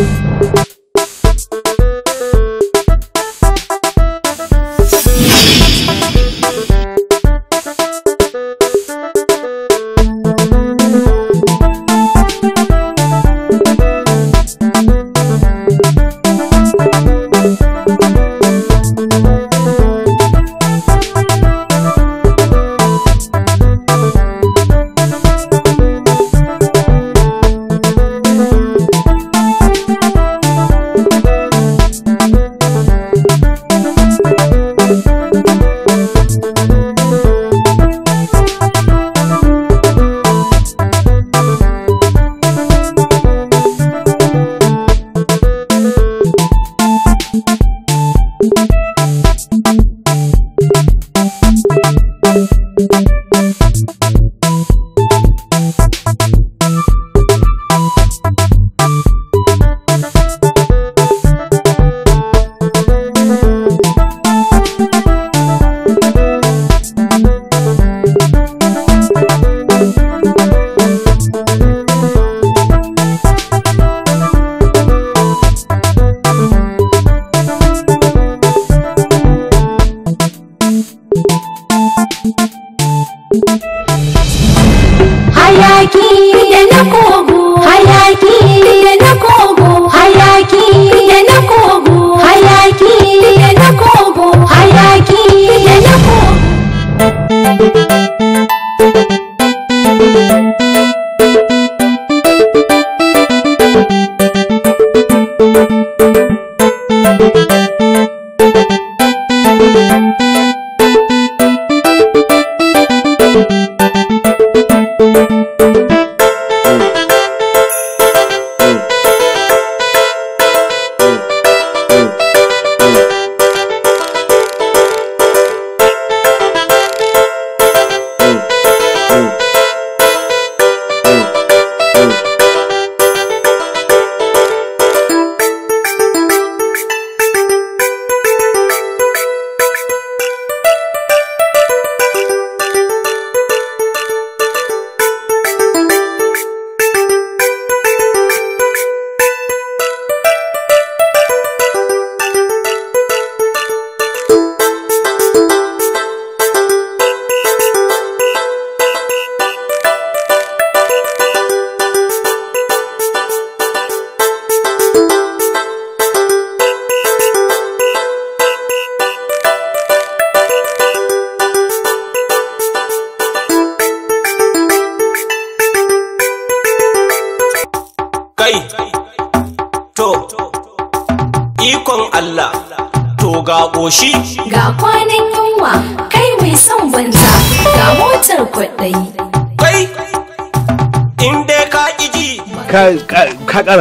Thank you.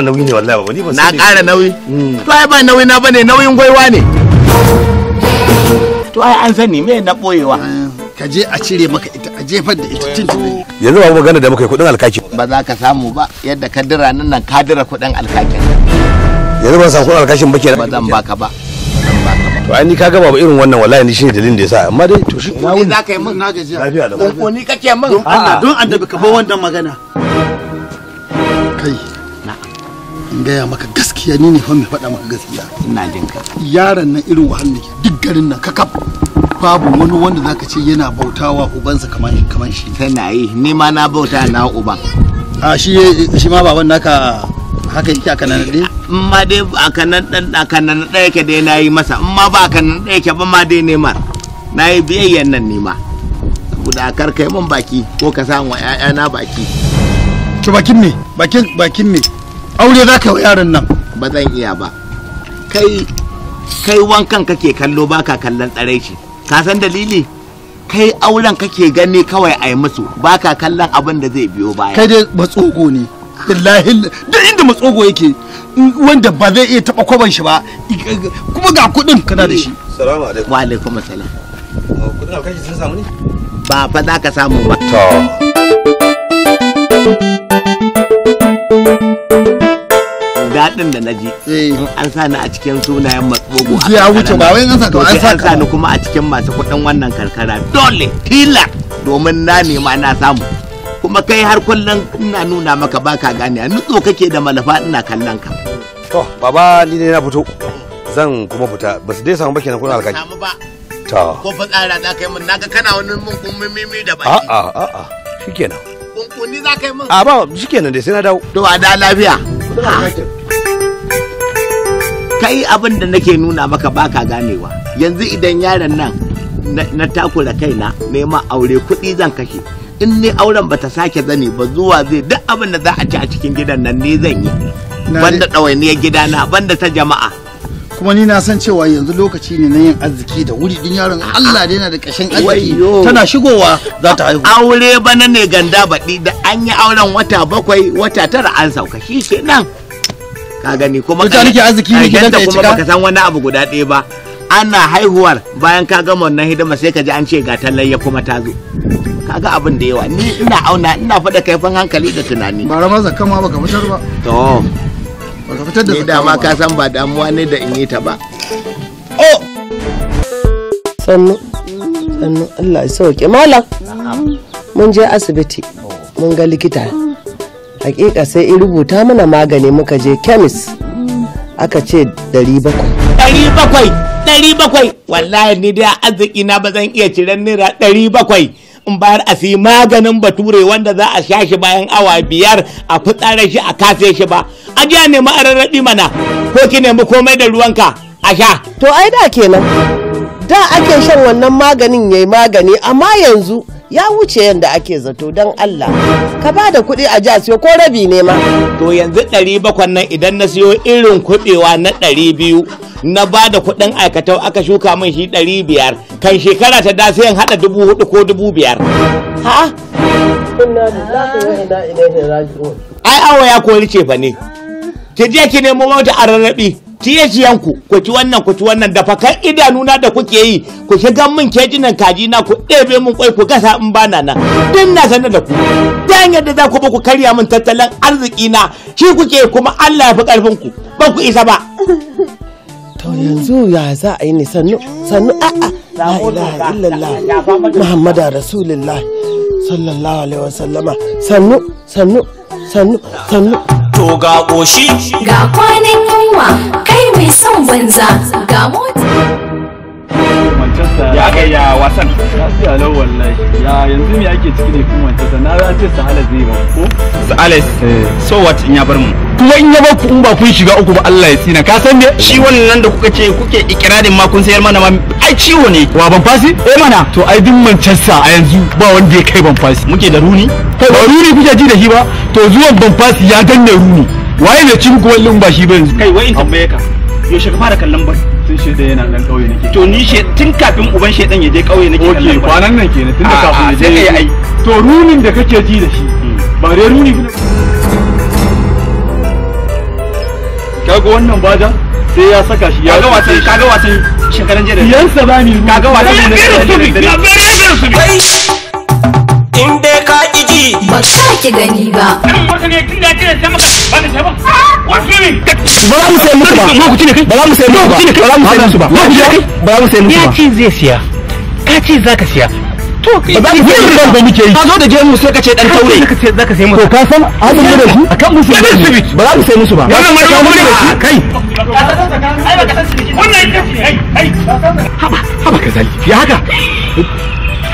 nauyi ne wallahi ba ni ba na kara nauyi mm. to ai ba nauyi na bane nauyin gwaiwa ne to ai an sani me na boyewa eh, ka je a cire maka ita a jefar da ita cin yanzu ba magana da muka yi kudin alkaki ba za ka samu ba yadda ka dira nan nan ka dira kudin alkaki yanzu ban san kudin alkashin ba kenan ba zan baka ba to ai ni ka gaba ba irin wannan wallahi ni shine dalilin da yasa amma dai to shi ko ni za ka yi min na gajiya lafiya da ko ni kake min Allah don annabi ka bar wannan magana gaya maka gaskiya ni ne fa mai faɗa maka gaskiya ina jin ka yaron nan irin wahal ne duk garin nan kakaf babu wani wanda zaka ce yana bautawa ubansa kamar shi kamar shi tana yi ni ma na bauta na uba. a shi shi ma baban naka haka yake aka nan dai in ma dai aka nan dan aka nan dai yake dai nayi masa in ma ba aka nan dai yake ba ma dai nema nayi biyayyan nan ni ma guda kar kai mun baki ko ka samu wa ƴaƴana baki to bakin me bakin bakin me aure za ka yi yaron nan ba zan iya ba kai kai wankan kake kallo baka kallon tsare shi ka san dalili kai auren kake gani kawai a yi musu baka kallon abin da zai biyo baya kai dai matsogo ne billahi duk inda matsogo yake wanda ba zai iya taba kwaban shi ba kuma ga kudin kana da shi salamu alaikum wa alaikum assalam oh, kudin alkashi sun samu ne ba fa za ka samu ba to daɗin da na ji eh. an sa ni a cikin sunayen matsogo a ya wuce ba wai an sa an sa ka kuma a cikin masu kudin wannan karkara dole tila domin na nema na samu kuma kai har kullum ina nuna maka baka gane nutso kake da malafa ina kallon ka to baba ni ne na fito zan kuma fita ba su dai samu ba kenan kuna alkaki ta ko fa tsara za ka yi min naga kana wani mun kummimi da baki a'a a'a shikenan ni za ka yi mun. a ba shikenan dai sai na dawo to a da lafiya kai abin da nake nuna maka baka ganewa yanzu idan yaron nan na takura kaina nema aure kuɗi zan kashe in ne auren ba ta sake zane ba zuwa zai duk abin da za a ci a cikin gidan nan ne zan yi banda ɗawainiyar gidana banda ta jama'a kuma ni na san cewa yanzu lokaci ne na yin arziki da wuri din yaron Allah da yana da kashin arziki tana shigowa za ta haihu aure bana ne ganda baɗi da an yi auren wata bakwai wata tara an sauka shi kenan ka gani kuma ka nake arziki ne gidan ka kuma baka san wani abu guda ɗaya ba ana haihuwar bayan ka gama wannan hidima sai ka ji an ce ga ya kuma ta zo kaga abin da yawa ni ina auna ina faɗa kaifin hankali da tunani ba ramar kama ba baka fitar ba to fitar da zakka dama ka san ba damuwa ne da in yi ta ba oh! sannu sannu Allah ya sauke malam mun je asibiti mun ga likita hakika sai in rubuta mana magani muka je kemis aka ce 700 700 700 wallahi ni da arziki na ba zan iya ciren naira 700 in bayar a fi maganin bature wanda za a sha shi bayan awa biyar a fitsare shi a kase shi ba a ji a nemi a rarrabi mana ko ki nemi komai da ruwanka a sha to ai da kenan da ake shan wannan maganin yayi magani amma yanzu ya wuce yadda ake zato don Allah ka ba da kuɗi a ja siyo ko rabi ne ma to yanzu ɗari bakwan nan idan na siyo irin kuɗewa na ɗari biyu na ba da kuɗin aikatau aka shuka min shi ɗari biyar kan shekara ta da sai haɗa dubu hudu ko dubu biyar ha ai awa ya kori ce fa ne ki je ki nemo mota a rarrabi ciye ku ci wannan ku ci wannan da fakan idanuna da kuke yi ku shiga min kejinan kaji na ku ɗebe min kwai ku gasa in bana na, din na sanar da ku dan yadda za ku ba ku karya min tattalin arziki na shi kuke kuma Allah ya fi karfin ku ba ku isa ba to yanzu ya za a yi ne sannu sannu a'a a muhammadu rasulullah sallallahu alaihi wasallama sannu sannu sannu sannu to ga ƙoshi ga kwanan yunwa kai mai son banza ga mota ya ga ya wasan lafiya wallahi ya yanzu me ake ciki ne kuma wancan na ya ce sahala zai ba ko sahala eh. so what in ya bar mu kuma in ya baku in ba kun shiga uku ba Allah ya tsina ka san ne. shi wannan da kuka ce kuke ikirarin ma kun sayar mana ma ai ciwo ne wa ban fasi eh mana to ai din Manchester a yanzu ba wanda ya kai ban fasi muke da runi kai ba runi kuke ji da shi ba to zuwan ban fasi ya danne runi waye ne cin muku wallin ba shi ba yanzu kai wai in tambaye ka yaushe ka fara kallon ba tun sheda yana nan kauye nake to ni she tun kafin uban dan ya je kauye nake kallon bai kwanan nan kenan tun da kafin ya je to runin da kake ji da shi ba dai runi ba kaga wannan bajan sai ya saka shi ya kaga ka kaga wasan shekaran jere yan sa bani kaga wasan ne in dai ka iji ba ka ki gani ba ba ne kin da kire sai maka ba ne ba wasiri ba mu sai musu ba lokaci ne kai ba mu sai musu ba ba mu sai musu ba ba mu sai musu ba ya ce zai siya ka ce zaka siya to ba za mu yi muke yi ka zo da gemu ka ce dan taure za ka sai musu ka san hadin da shi akan musu ba za mu sai musu ba wannan ma ka shi haba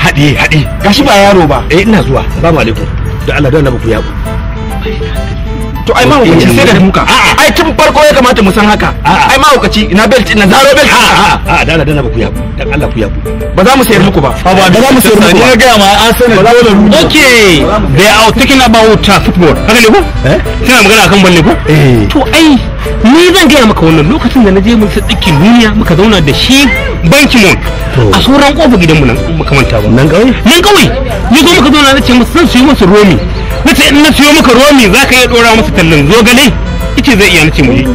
haba ka gashi ba yaro ba eh ina zuwa assalamu alaikum da Allah don na muku yabo to ai ma hukaci sai da muka ai tun farko ya kamata mu san haka ai ma hukaci na belt na zaro belt a a a da dana ba ku yabu dan Allah ku yabu ba za mu sayar muku ba ba ba za mu sayar muku ba ga ma Arsenal ba za mu okay they are talking about uh, football haka ne ko eh kina magana akan balle ko eh to ai ni zan gaya maka wannan lokacin da na je mun sadikin duniya muka zauna da shi banki mun a sauran kofar gidanmu nan makamanta ba nan kawai nan kawai ni ko muka zauna na ce mu san su yi musu romi na in na siyo maka me za ka iya ɗora masa tallan zogale ice zai iya na mu muje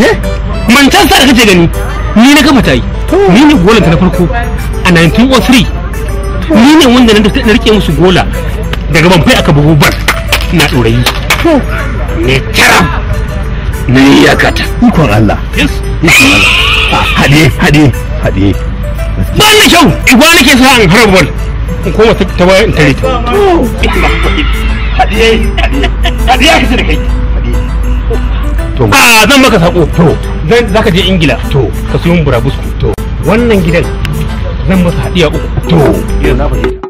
ye mancan sa da kace gani ni na kafa ta yi ni ne golanta na farko a 1903 ni ne wanda na rike musu gola daga ban fai aka bugu bar. na ɗorayi ne taram na yi kata ikon Allah yes hadi Allah haɗe haɗe haɗe ba ni kyau igwa nake sa an harbar ko koma ta bayan tare ta hadiye hadiye ka ce da kai to ah, zan maka sako to zan zaka je ingila to ka siyo mun burabusku to wannan gidan zan masa hadiya uku to yanzu na fahimta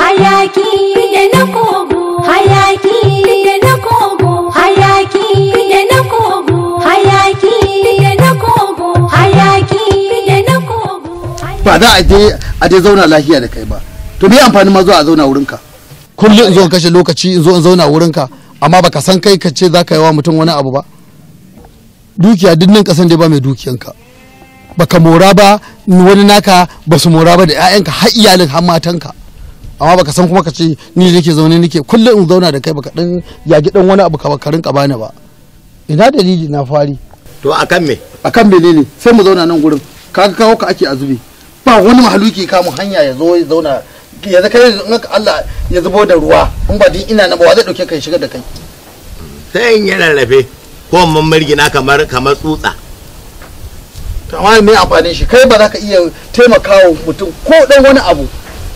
hayaki da na kogo hayaki da na kogo hayaki da na kogo hayaki da na kogo hayaki da na kogo ba za a je a je zauna lafiya da kai ba to me amfani ma zuwa a zauna wurinka kullum in zo kashe lokaci in zo in zauna wurinka amma baka san kai ka ce za ka yi wa mutum wani abu ba dukiya duk nan kasan dai ba mai dukiyanka baka mora ba wani naka ba su mora ba da 'ya'yanka har iyalin har matanka amma baka san kuma ka ce ni nake zaune nake kullum in zauna da kai baka dan yagi dan wani abu ka rinka bani ba ina dalili na fari to akan me akan menene sai mu zauna nan gurin kaga kawo ka ake azubi ba wani mahaluki kamun hanya ya zo ya zauna yanzu kai in Allah ya zubo da ruwa in ba din ina na ba zai dauke kai shiga da kai sai in yana lafe ko mun margina kamar kamar tsutsa to amma me amfanin shi kai ba za ka iya taimakawa mutum ko dan wani abu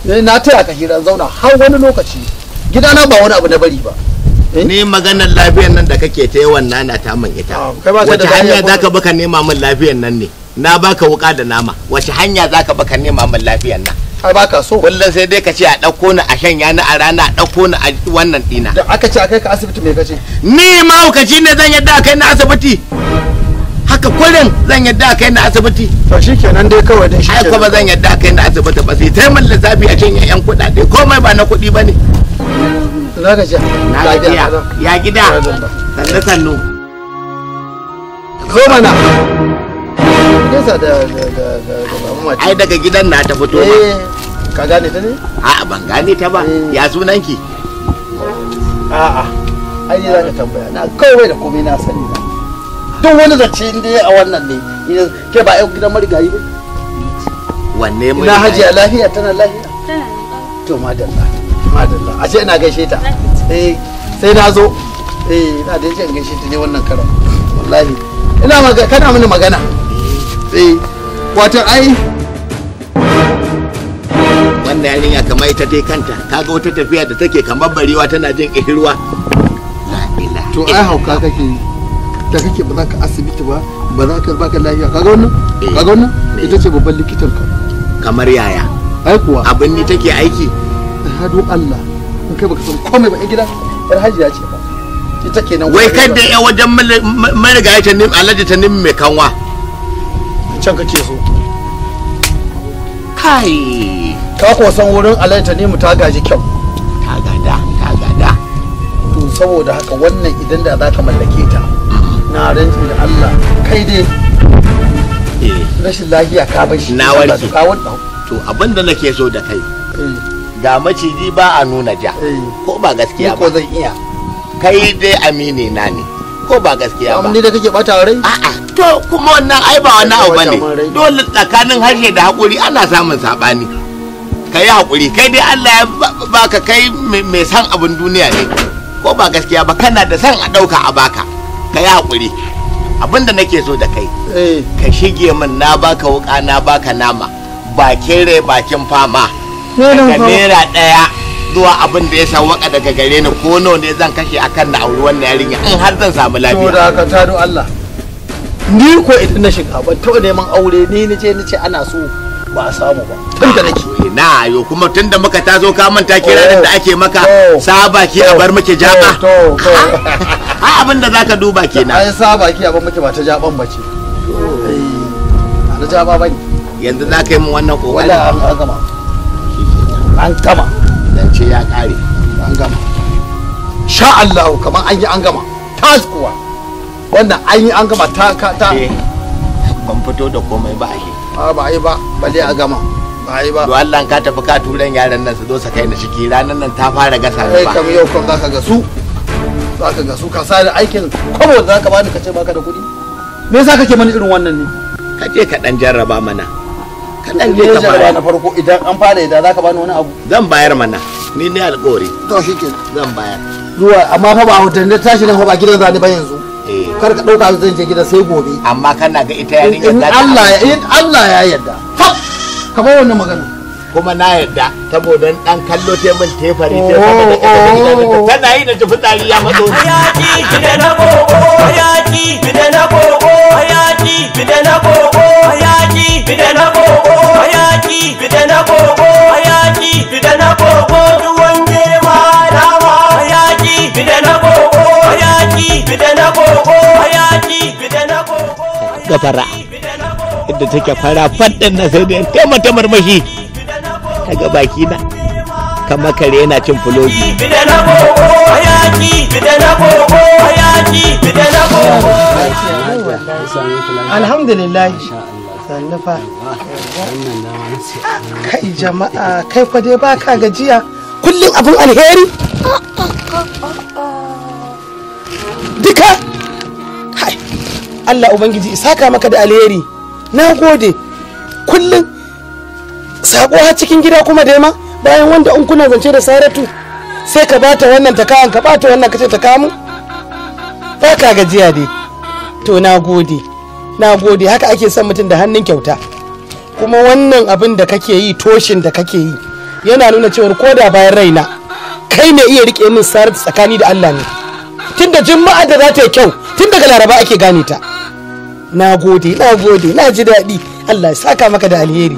eh, na taya ka hira zauna har wani lokaci gidana ba wani abu na bari ba eh? ni maganar lafiyar nan da kake ta yawan nana ta min ita ah, wace hanya za ka baka nema min lafiyar nan ne na baka wuka da nama wace hanya za ka baka nema min lafiyar nan har baka so kullum sai dai ka ce a ɗauko ni a shanya ni a rana a ɗauko ni a wannan dina. da aka ce a kai ka asibiti me kace ni mahaukaci ne zan yadda kai na asibiti haka kullum zan yadda kai na asibiti to shikenan dai kawai din shi ai kuma zan yadda kai na asibiti ba sai ta mun lissafi a shanya yan kuɗaɗe komai ba na kuɗi bane na gaji na gida, ya gida sannu sannu zo mana nesa da mamu ai daga gidan na ta fito ba eh, ka gane ta ne a ban gane ta ba eh. ya sunan ki a'a ai ne zaka tambaya na kawai da komai na sani na duk wani zace in dai a wannan ne ke ba ai gidan marigayi ba wanne mai na hajiya lafiya tana lafiya to madalla madalla a ce ina gaishe ta eh sai na zo eh ina da yake gaishe ta ne wannan karan wallahi ina magana kana mini magana e watan ai wannan yarinya kamar ita dai kanta kaga wata tafiya da take kamar barewa tana jin ihirwa to ai hauka kake yi ta kake ba za ka asibiti ba ba za ka baka lafiya kaga wannan eh, kaga wannan ita ce babban likitan ka kamar yaya ai kuwa abin ni take aiki hadu Allah in kai baka san komai ba gida har hajiya ce ba ita kenan wai da ya wajen marigayi ta nim alhaji ta nim mai kanwa can kake so kai ka ko san wurin alaita ne mu ta gaji kyau ta gada ta gada to saboda haka wannan idan da zaka mallake ta mm-hmm. na rantsi da Allah kai dai eh rashin lafiya ka bar shi na warke ka wanda to abinda nake so da kai eh. ga maciji ba a nuna ja eh. ko ba gaskiya ba ko zan iya kai dai amini na ne ko ba gaskiya ba ni da kake bata rai a'a to kuma wannan ai ba wani abu bane dole tsakanin harshe da hakuri ana samun sabani ka hakuri kai dai Allah ya baka kai mai san abin duniya ne ko ba gaskiya ba kana da san a ɗauka a baka ka yi abin da nake so da kai eh. ka shige min na baka wuka na baka nama bakin rai bakin fama daga naira daya zuwa abin da ya waka daga gare ni ko nawa ne zan kashe akan na auri wannan yarinya in har zan samu lafiya. Allah. ni ko idan na shiga ban taɓa neman aure ni na ce na ce ana so ba a samu ba tun da nake na yo kuma tun da muka tazo ka manta kiranin da oh, ake maka oh, oh, saba ki a bar muke jaba a abin da zaka duba kenan ai saba ki a bar muke ba ta jaban bace na jaba bane yanzu za ka yi min wannan kokari wala an gama an gama dan ce ya kare an gama sha Allah kamar an yi an gama tas kuwa wannan an yi an gama ta ka ta eh, ban fito da komai ba ake ah, a ba ai ba bale a gama ba ai ba to Allah ka tafi ka turan yaran nan su zo su kai na ciki ranan nan ta fara gasa eh, ba kam yau kun zaka ga su zaka ga su ka sa da aikin kwabo zaka bani ka ce baka da kuɗi me yasa kake mani irin wannan ne ka je ka dan jarraba mana ka dan je ka fara na farko idan an fara idan zaka bani wani abu zan bayar mana ni ne alƙawari to shikenan zan bayar zuwa amma fa ba hoton da tashi ne fa ba gidan zani ba yanzu kar ka dauka zan je gida sai gobe amma kana ga ita yarinyar in Allah ya in Allah ya yarda kamar wannan magana kuma na yarda saboda dan kallo te min tefari te saboda ita oh. tana yi da jifi tsari ya matso hayaki fide na gogo hayaki fide na gogo hayaki fide na gogo hayaki fide na gogo hayaki fide na gogo hayaki fide na gogo ka fara inda take fara faɗin na sai da tema ta marmashi daga baki na kama kare yana cin fulogi alhamdulillah kai jama'a kai fa dai baka gajiya kullum abin alheri ah, ah, ah, duka Allah Ubangiji saka maka da alheri na gode kullum sako har cikin gida kuma dai ma bayan wanda in kuna zance da saratu sai ka bata wannan ta kayan ka bata wannan kace ta kamu ba ka gajiya dai to na gode na gode haka ake son mutum da hannun kyauta kuma wannan abin da kake yi toshin da kake yi yana nuna cewar da bayan raina kai ne iya rike min saratu tsakani da Allah ne tunda juma'a da za ta yi kyau tun daga laraba ake gane ta na gode na gode na ji daɗi allah saka maka da alheri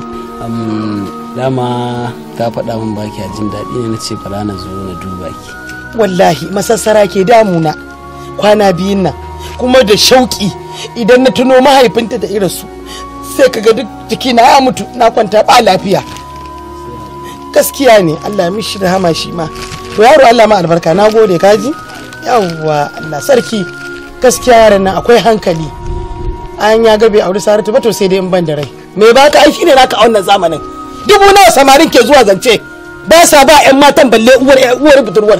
dama ta faɗa min baki a jin daɗi ne na ce bara na zo na duba ki wallahi masassara ke damuna kwana biyun nan kuma da shauƙi idan na tuno mahaifinta da irin su, sai kaga duk jiki na ya mutu na kwanta ba lafiya gaskiya ne allah mishi rahama shi ma to yaro allah ma albarka na gode kaji yawwa allah sarki gaskiya yaran nan akwai hankali an ya ga a auri saratu ba to sai dai in ban da rai me ba ka aiki ne naka a wannan zamanin dubu nawa samarin ke zuwa zance ba sa ba yan matan balle uwar uwar budurwar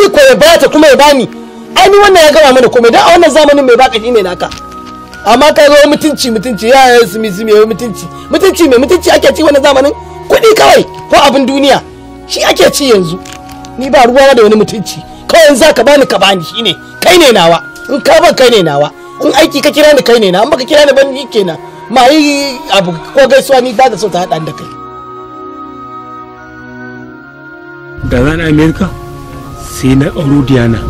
ni ko ya bata kuma ya bani ai ni wannan ya gama mana komai dan a wannan zamanin mai ka shine naka amma kai zo mutunci mutunci ya ya sumi sumi mutunci mutunci mai mutunci ake ci wannan zamanin kuɗi kawai ko abin duniya shi ake ci yanzu ni ba ruwa da wani mutunci kawai za ka bani ka bani shine kai ne nawa in ka ban kai ne nawa kun aiki ka kira ni kai ne na an baka kira ni ban ni kenan ma yi abu ko gaisuwa ni ba da so ta hada da kai da zan amerika sai na auro diana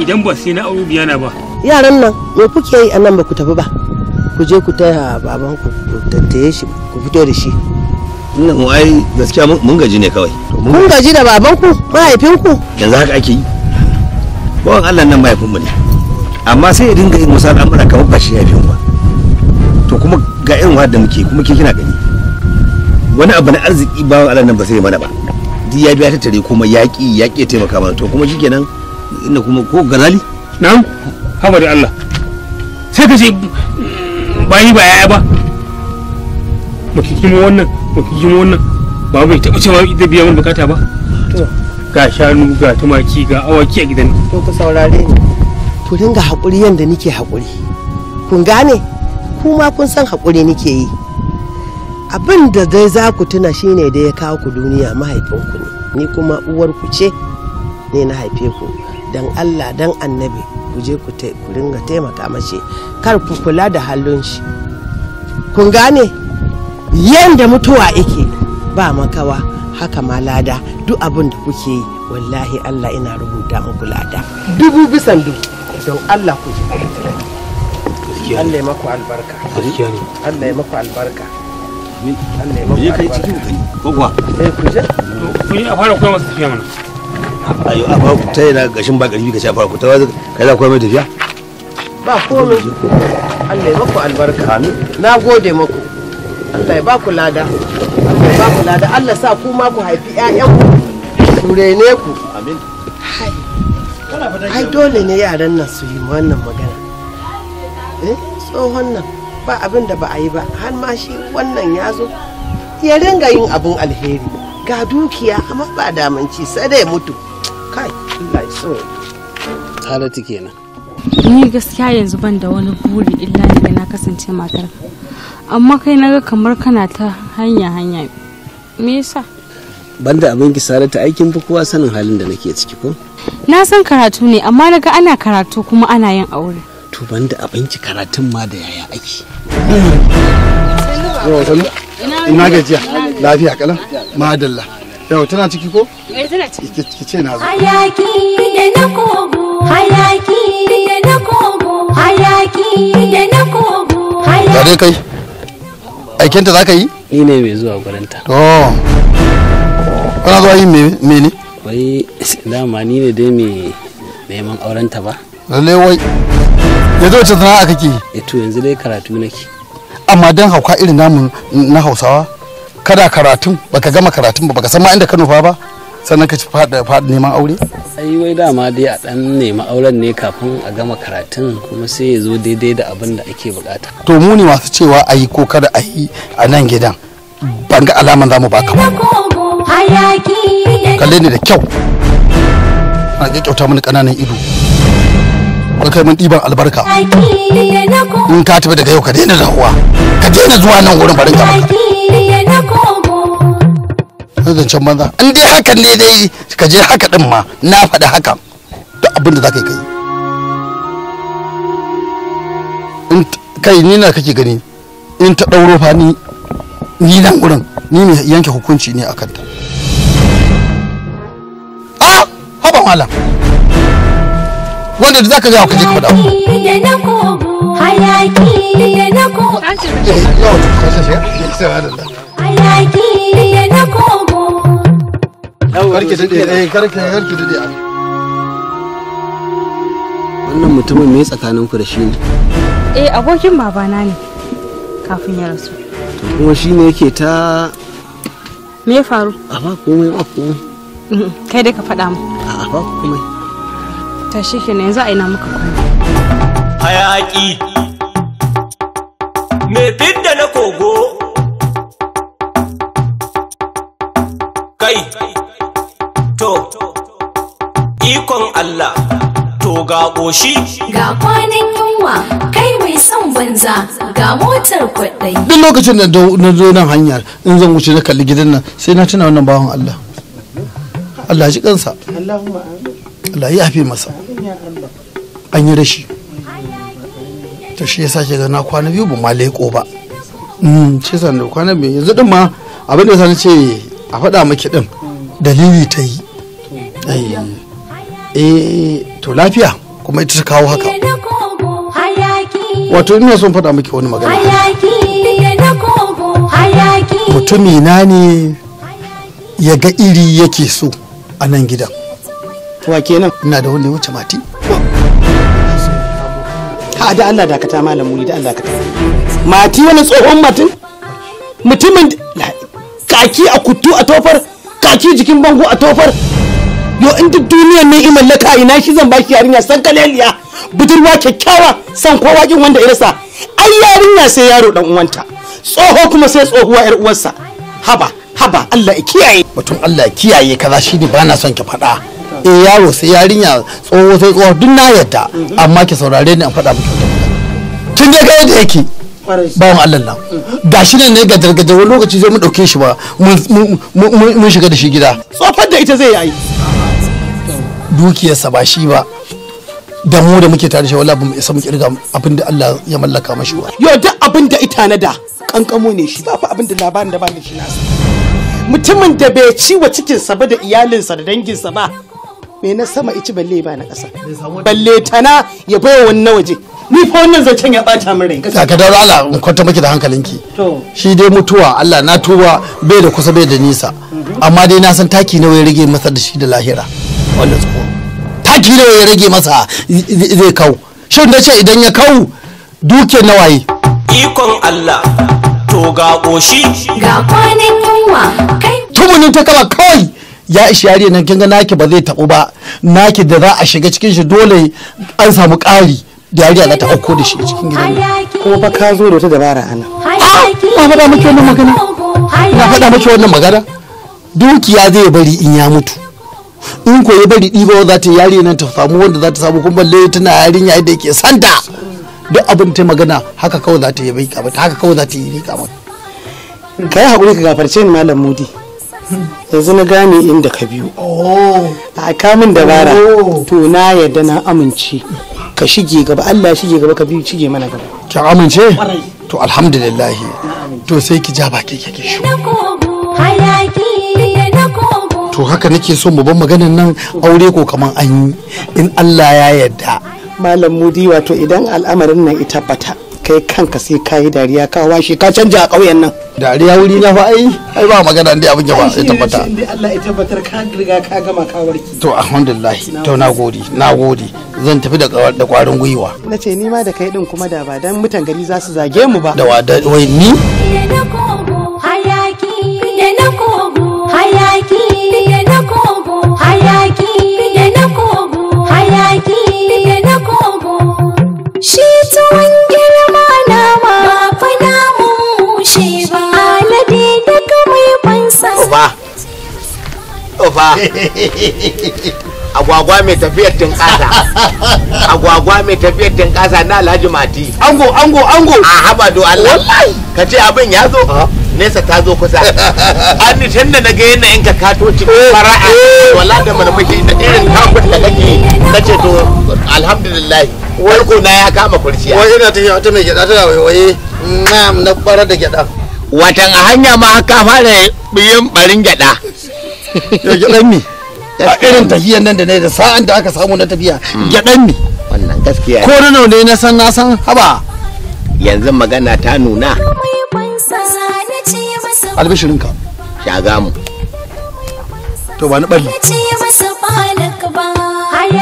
idan ba sai na auru diana ba yaran nan me kuke yi anan ba ku tafi ba ku je ku taya baban ku tattaye shi ku fito da shi ina mu ai gaskiya mun gaji ne kawai mun gaji da baban ku mahaifin ku yanzu haka ake yi bawan Allah nan mahaifinmu ne amma sai ya dinga yin wasu al'amura kamar ba shi ya fi ba to kuma ga irin wa da muke kuma ke kina gani wani abu na arziki bawan Allah nan ba sai mana ba duk ya biya ta tare kuma yaƙi yaƙi ya taimaka mana to kuma shikenan inda kuma ko ganali na'am hama da Allah sai ka ce ba yi ba yaya ba makikimo wannan makikimo wannan ba bai taɓa cewa da biya wani bukata ba ga shanu ga tumaki ga awaki a gidan to ka saurare ni ku ringa haƙuri yadda nike haƙuri kun gane kuma kun san haƙuri nike yi abin da dai za ku tuna shine da ya kawo ku duniya mahaifinku ne ni kuma uwar ku ce ne na haife ku Dan allah dan annabi ku je ku ringa taimaka mace kar ku kula da halin shi kun gane yadda mutuwa yake ba makawa haka ma lada duk abin da kuke yi wallahi allah ina rubuta muku lada dubu bisan dubu don Allah ku ji Allah ya maku albarka Allah ya maku albarka Allah ya maku albarka ko kuwa eh ku je ku yi a fara koyar masa tafiya mana ayo a ba ta yana gashin ba ka sha fara ku ta wazo kai za ku mai tafiya ba komai Allah ya maku albarka na gode maku Allah ya baku lada Allah ya baku lada Allah sa ku ma ku haifi ƴaƴanku ku rene ku ai dole ne yaran nan su yi wannan magana eh tsohon nan ba abin da ba a yi ba har ma shi wannan ya zo ya ringa yin abun alheri ga dukiya amma ba damanci sai da mutu kai Allah ya so halatu kenan ni gaskiya yanzu ban da wani buri illa ne na kasance matar amma kai naga kamar kana ta hanya hanya me yasa banda abin gisara ta aikin fa kowa sanin halin da nake ciki ko na san karatu ne amma naga ana karatu kuma ana yin aure to banda abin ki karatun ma da yaya ake ina gajiya lafiya kalan madalla yau tana ciki ko eh tana ciki kice na zo hayaki da na kogo hayaki da na kogo hayaki na kogo hayaki kai aikinta zaka yi ni ne mai zuwa gurinta oh. kana zuwa yin mene wai dama ni ne dai mai neman auren ta ba lalle wai zo wace sana'a kake eh to yanzu dai karatu nake amma dan hauka irin namu na Hausawa kada karatun baka gama karatun ba baka san ma inda ka nufa ba sannan ka ci faɗi neman aure? ai wai dama dai a ɗan nema auren ne kafin a gama karatun kuma sai ya zo daidai da abin da ake bukata. to muni masu cewa a yi ko kada a yi a nan gidan ban ga alaman za mu baka ba. kalle ni da kyau ana kyauta mini kananan ido ka kai mun ɗiban albarka in ka tafi daga yau ka daina zahuwa ka daina zuwa nan wurin barin ka maka can banza in dai hakan ne dai ka je haka din ma na faɗi haka duk abin da za ka yi kai kai ni na kake gani in ta ɗauro fa ni ni nan gurin ni mai yanke hukunci ne akan ta ah haba malam wanda zaka ga ka je ka faɗa hayaki da na ko hayaki da na ko karki dade eh karki karki dade wannan mutumin me tsakanin ku da shi ne eh abokin babana ne kafin ya rasu kuma shi ne yake ta me ya faru a ba komai ba komai mhm. kai dai ka faɗa mu a ba komai ta shi ke yanzu a ina muka komai hayaƙi me fidda na kogo kai to ikon Allah ga ƙoshi ga kwanan yunwa kai mai son banza ga motar kwaɗayi duk lokacin da na zo nan hanya in zan wuce na kalli gidan nan sai na tuna wannan bawan Allah Allah ji kansa Allah ya fi masa an yi rashi ta shi ya ke ga na kwana biyu ba ma leƙo ba mm, shi yasa na kwana biyu yanzu din ma abin da sani ce a faɗa maki din dalili ta yi eh, eh to lafiya kuma ita ta kawo haka wato ina son faɗa miki wani magana mutumi na ne ya ga iri yake so a nan gidan wa kenan ina da wanda ya wuce mati ha da Allah dakata malam muni da Allah dakata mati wani tsohon matin mutumin kaki a kuttu a tofar kaki jikin bango a tofar yo in duk duniyar ne i mallaka ina shi zan baki yarinya san kaleliya budurwa kyakkyawa san kowa kin wanda irasa ai yarinya sai yaro dan uwanta tsoho kuma sai tsohuwa yar uwarsa haba haba Allah ya kiyaye mutum Allah ya kiyaye kaza shine bana son ki faɗa eh yaro sai yarinya tsoho sai tsoho duk na yadda amma ki saurare ni an faɗa miki kin je ga yadda yake bawan Allah nan ga shi ne ne ga dargajar wani lokaci zai mu dauke shi ba mun shiga da shi gida tsofar da ita zai yi dukiyarsa ba shi ba da mu da muke tare shi wala bamu isa mu kirga abin da Allah ya mallaka mashi ba yo duk abin da ita na da kankamo ne shi ba fa abin da labarin da ba da shi nasa mutumin da bai ci wa cikinsa ba da iyalinsa da danginsa ba me na sama ici balle ba na ƙasa balle tana ya baiwa wani na waje ni fa wannan zancen ya bata min rai ka dawo Allah in kwanta miki da hankalinki shi dai mutuwa Allah na tuwa bai da kusa bai da nisa mhm. amma dai na san taki nawa ya rage masa da shi da lahira wannan minti nawa ya rage masa zai kau shin da ce idan ya kau duke na waye ikon Allah to ga koshi ga kwanin yunwa kai tumunin ta kaba kawai ya ishi yare nan kin ga naki ba zai tabu ba naki da za a shiga cikin shi dole an samu ƙari da yariya za ta auko da shi cikin gidan ko ba ka zo da wata dabara ana ba faɗa muke wannan magana ba faɗa muke wannan magana dukiya zai bari in ya mutu in ko ya bari ɗiba za ta yari nan ta samu wanda za ta samu kuma balle tana yarinya yadda yake santa duk abin ta magana haka kawai za ta yi rika mata haka kawai za ta yi rika mata kai hakuri ka gafarce ni malam mudi yanzu na gane inda ka biyu oh. a kamun dabara oh. to na yarda na amince ka shige gaba Allah shige gaba ka biyu shige mana gaba kin amince to alhamdulillah to sai ki ja baki kike shi hayaki to haka nake so mu ban maganan nan aure ko kaman an yi in Allah ya yarda malam mudi wato idan al'amarin nan ita bata kai kanka sai ka yi dariya ka washe ka canja a ƙauyen nan dariya wuri na fa ai ai ba magana dai abin ba sai tabbata dai Allah ya tabbatar ka riga ka gama ka warki to alhamdulillah to nagode nagode zan tafi da da kwarin gwiwa nace ni ma da kai din kuma da ba dan mutan gari za su zage mu ba da wa da wai ni Oba, oba, agwagwa mai tafiyar tinkasa, agwagwa mai tafiyar tinkasa na Alhaji Mati. Ango, ango, ango. A haba do Allah. Wallahi. Ka ce abin ya zo? Ah. Nesa ta zo kusa. An ni tunda na ga yana in ka kato cikin eh, fara'a. Eh. Wala da marmaki da irin takun da kake na ce to alhamdulillah. wai na ya kama kurciya wai ina tafiya wata mai gyada tana waiwaye na na barar da gyada watan a hanya ma haka fara biyan barin gyada ya gyadan mi a irin tafiyan nan da ne da sa'an da aka samu na tafiya hmm. gyadan mi wannan gaskiya ko na ne na san na san haba yanzu magana ta nuna albishirinka shaga mu to ba ni bari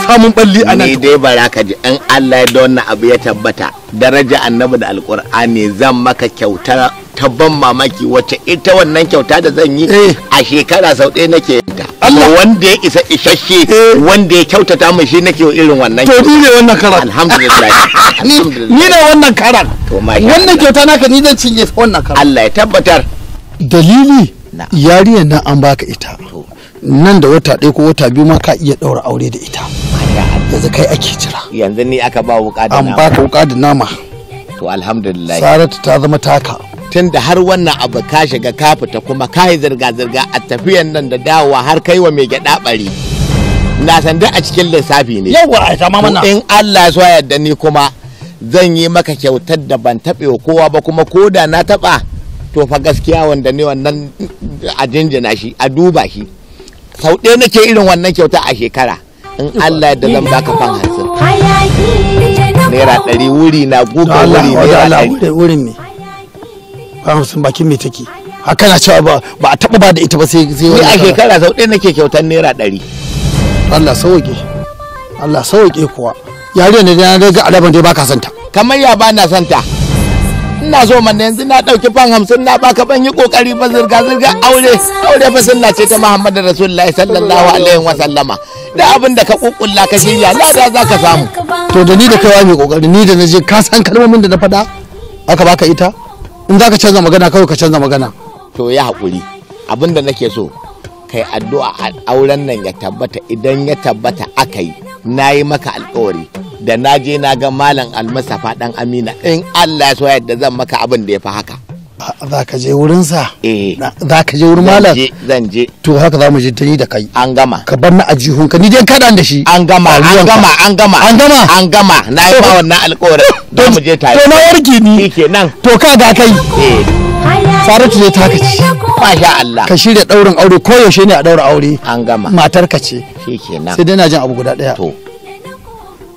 samun balli a nan. Ni dai bara ka ji in Allah ya da wannan abu ya tabbata daraja annabi da alkur'ani zan maka kyauta ta ban mamaki wacce ita wannan kyauta da zan yi eh. a shekara sau ɗaya nake yanta. Allah wanda ya isa isasshe eh. wanda ya kyautata mu shi nake irin wannan. To ni ne wannan karan. Alhamdulillah. Ni ne wannan karan. To Wannan kyauta naka ni zan cinye wannan karan. Allah ya tabbatar. Dalili yariya na an baka ita. nan da wata ɗaya ko wata biyu ma ka iya ɗaura aure da ita yanzu kai ake jira yanzu ne aka ba wuka da nama an baka wuka da nama to alhamdulillah saratu ta zama taka tun da har wannan abu ka shiga ka fita kuma ka yi zirga-zirga a tafiyan nan da dawowa har kai wa mai gyaɗa ɓari na san a cikin lissafi ne yawa a sama mana in Allah ya so yadda ni kuma zan yi maka kyautar da ban taɓe wa kowa ba kuma ko da na taɓa to fa gaskiya wanda ne wannan a jinjina shi a duba shi sau ɗaya nake irin wannan kyauta a shekara in Allah da zan baka fan hansin naira ɗari wuri na guga wuri naira ɗari wurin Ba fan hansin bakin mai take a kana cewa ba ba a taɓa ba da ita ba sai sai wani a shekara sau ɗaya nake kyautar naira ɗari Allah sauke Allah sauke kuwa yare ne da na ga alaban ba baka santa kamar ya ba na santa ina so man yanzu na dauki fan hamsin na baka ban yi kokari ba zirga zirga aure aure fa sunna ce ta Muhammadu Rasulullahi sallallahu alaihi wa sallama da abin da ka kukulla ka shirya lada za ka samu to da ni da kai wani kokari ni da na je ka san kalmomin da na faɗa aka baka ita in za ka canza magana kawai ka canza magana to ya haƙuri abin da nake so kai addu'a a auren nan ya tabbata idan ya tabbata aka yi na yi maka alkawari da na je na ga malam almasafa dan amina in allah so yadda zan maka abin da ya fi haka za ka je wurinsa eh. za ka je wurin malam zan je to haka za mu je tani da kai an gama ka bar na ajihun ka ni dai kaɗan da shi an gama an gama an gama an gama an gama na yi ba wannan alkawarin za mu je tare to na warke ni to ka ga kai eh Saratu zai taka ce. Masha Allah. Ka shirya daurin aure ko yaushe ne a daura aure. An gama. Matar ka ce. Shikenan. Sai dai na jin abu guda daya. To.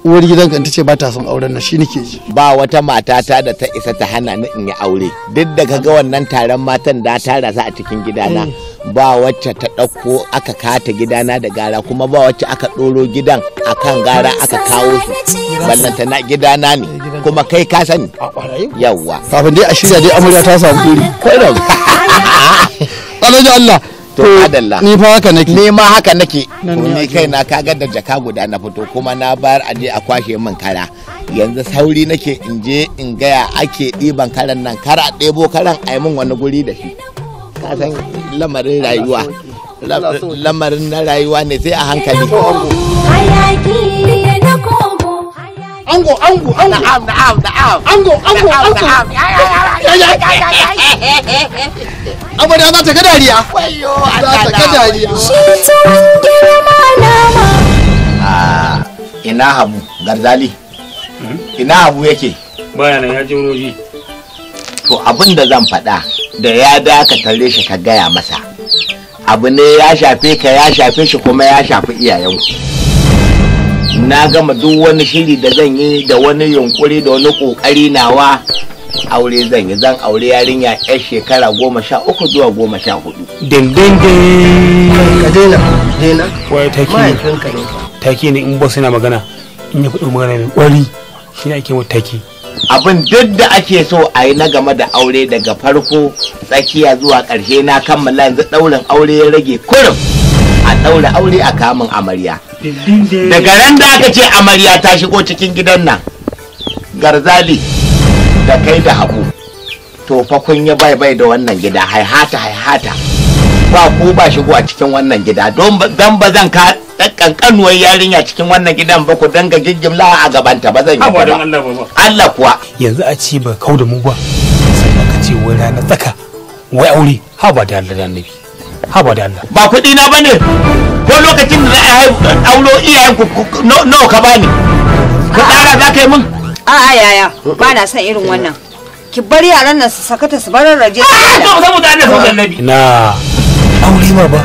Uwar gidanka in ce ba ta son auren nan shi nake ji. Ba wata mata ta da ta isa ta hana ni in yi aure. Duk da kaga wannan taron matan da ta rasa a cikin gidana. Eh. ba wacce ta ɗauko aka kata gidana da gara kuma ba wacce aka ɗoro gidan akan gara aka kawo shi ballanta na gidana ne kuma kai ka sani yawwa kafin dai a shirya dai amarya ta samu guri kai da alhaji Allah to adalla ni fa haka nake ni ma haka nake ni kai na ga da jaka guda na fito kuma na bayar aje a kwashe min kara yanzu sauri nake in je in gaya ake ɗiban karan nan kara ɗebo karan a yi min wani guri da shi ka san lamarin rayuwa lamarin na rayuwa ne sai a hankali. Hayaki na ko ango ango ango na'am na'am na'am ango ango ango amarya za Ango, ga dariya Ango, ta ga dariya ah, ina habu garzali ina habu yake baya nan ya wuri to abin zan faɗa da ya dakatare shi ka gaya masa abu ne ya shafe ka ya shafe shi kuma ya shafi iyayenku na gama duk wani shiri da zan yi da wani yunkuri da wani kokari nawa aure zan yi zan aure yarinya yar shekara goma sha uku zuwa goma sha hudu. Dindindin. Ka daina, daina. Wai taki ne. Taki ne in boss magana in ya kudin magana ne, ƙwari shi ne ake taki. Abin duk da ake so a yi na game da aure daga farko tsakiya zuwa ƙarshe na kammala yanzu ɗaurin aure ya rage kurum. a ɗaura aure a kamun amarya daga ran da aka ce amarya ta shigo cikin gidan nan garzali da kai da habu to fa kun yi bai bai da wannan gida haihata haihata ba ku ba shigo a cikin wannan gida don ba zan ka kankanuwar yarinya cikin wannan gidan ba ku danga giggimla a gabanta ba zan yi ba Allah kuwa yanzu a ci ba kau da mu ba sai aka ce wai rana tsaka wai aure ha ba da Allah da annabi haba da Allah ba kuɗi na bane ko lokacin da za a aulo iyayen ku nawa ka bani ka tsara za ka yi a a'a yaya ba na son irin wannan ki bar yaran nan su sakata su bar raje ah, a to saboda Allah saboda Annabi na aure ma ba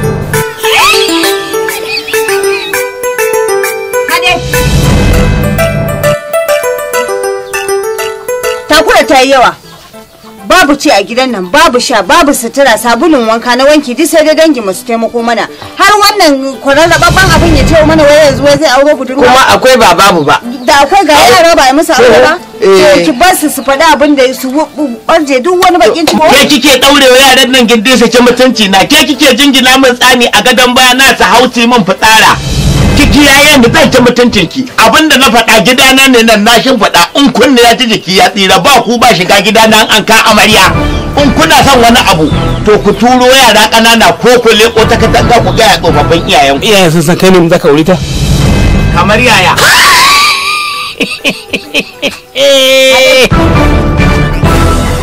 kula ta yi yawa babu ci a gidan nan babu sha babu sutura sabulun wanka na wanki duk sai dai dangi masu taimako mana har wannan babban abin ya ce mana wai yanzu wai zai auro budurwa kuma akwai ba babu ba da akwai ga yara ba musu aure ba eh. ki bar su su faɗi abin da su barje duk wani bakin ciki ke kike daurewa yaran nan gindin su ci mutunci na ke kike jingina min tsani a gadon baya na su hausi min fitsara yayan da zai mutuncin ki abinda na faɗa gidana ne nan na shin faɗa in kunna ya ci jiki ya tsira ba ku ba shiga gidana an ka amarya in kuna son wani abu to ku turo yara ƙanana ko ku leƙo ta katanga ku gaya tsofaffin iyayen iyayen sun san kai ne zaka wuri ta kamar yaya ba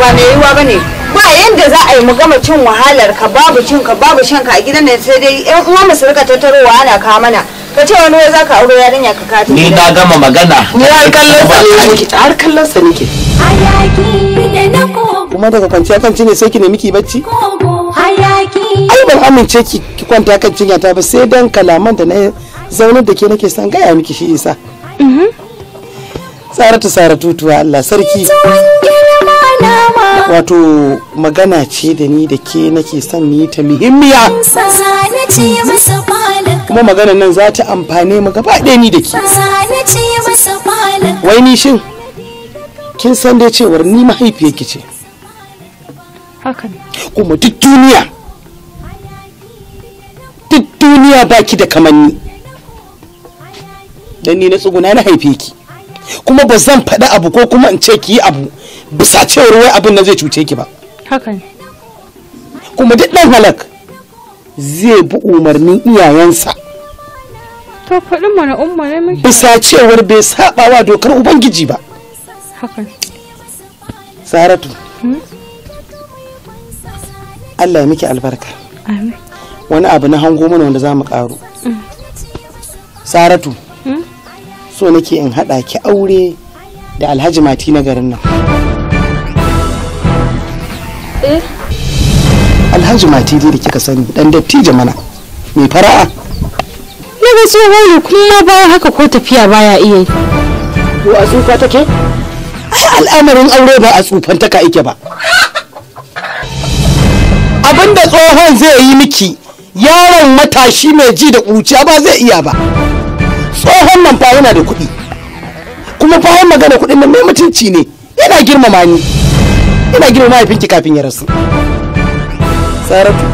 mai yiwuwa ba ne ba yadda za a yi mu gama cin wahalar ka babu cin ka babu shan a gidan da sai dai yan uwa mu su rika tattarowa ana kawo mana ka ce wani wai zaka aure yarinya ka kati ni na gama magana ni har kallon sa nake har kallon sa nake kuma daga kwanciya kan cinye sai ki nemi ki bacci ai ban amince ki ki kwanta kan cinya ta ba sai dan kalaman da na zaunar da ke nake san gaya miki shi isa mhm. saratu saratu tutuwa Allah sarki nama wato magana ce da ni da ke nake son ni ta muhimmiya kuma maganar nan za ta amfane mu gaba ɗaya ni da ke wai ni shin kin san dai cewar ni ki ce kuma duk duniya duk duniya baki da kamanni dan ni na tsuguna na haife ki kuma ba zan faɗi abu ko kuma in ce ki yi abu bisa cewar wai abin nan zai cuce ki ba hakan kuma duk dan halak zai bi umarnin iyayensa to mana umma ne miki bisa cewar bai saba wa dokar ubangiji ba hakan saratu hmm? Allah ya miki albarka amin wani abu na hango mana wanda zamu mu hmm. saratu hmm? so nake in haɗa ki aure da alhaji mati na garin nan Eh? alhaji matidi da kika sani dan dattijo mana mai fara'a na ga so wani kuma baya haka ko tafiya baya iya yi ko a tsufa take ai al'amarin aure ba a tsufan taka ake ba abinda tsohon zai yi miki yaron matashi mai ji da kuciya ba zai iya ba tsohon nan fa yana da kuɗi kuma fa magana kuɗin nan mai mutunci ne yana girmama ni ina girma mahaifinki kafin ya rasu saratu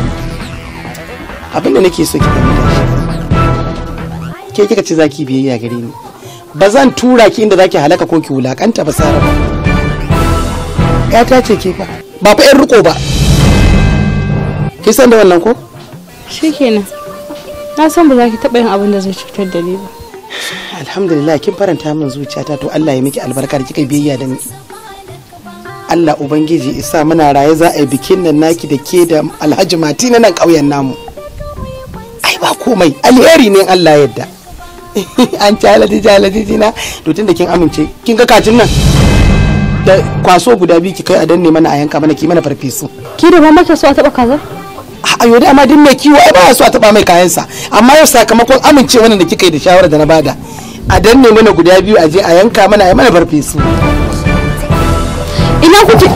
abin da nake so ki fahimta shi ke kika ce zaki biyayya gare ni ba zan tura ki inda zaki halaka ko ki wulakanta ba saratu ta ce ke fa ba fa yan riko ba ki san da wannan ko shikenan na san ba za ki taɓa yin abin da zai cutar da ni ba alhamdulillah kin faranta min zuciyata to Allah ya miki albarka da kika biyayya da ni Allah Ubangiji isa muna raye za a yi bikin nan naki da ke da Alhaji Mati na nan ƙauyen namu. Ai ba komai alheri ne Allah yadda. An jaladi jaladi jina to tun da kin amince kin ga katin nan. Da kwaso guda biyu ki kai a danne mana a yanka mana ki mana farfesu. Ki da ba mace so a taba kaza? A ah, yau amma duk mai kiwo ai ba so a taba mai kayansa amma yau sakamakon amincewa wannan da kika yi da shawara da na bada. A danne mana guda biyu a je a yanka mana a yi mana farfesu. ina kuke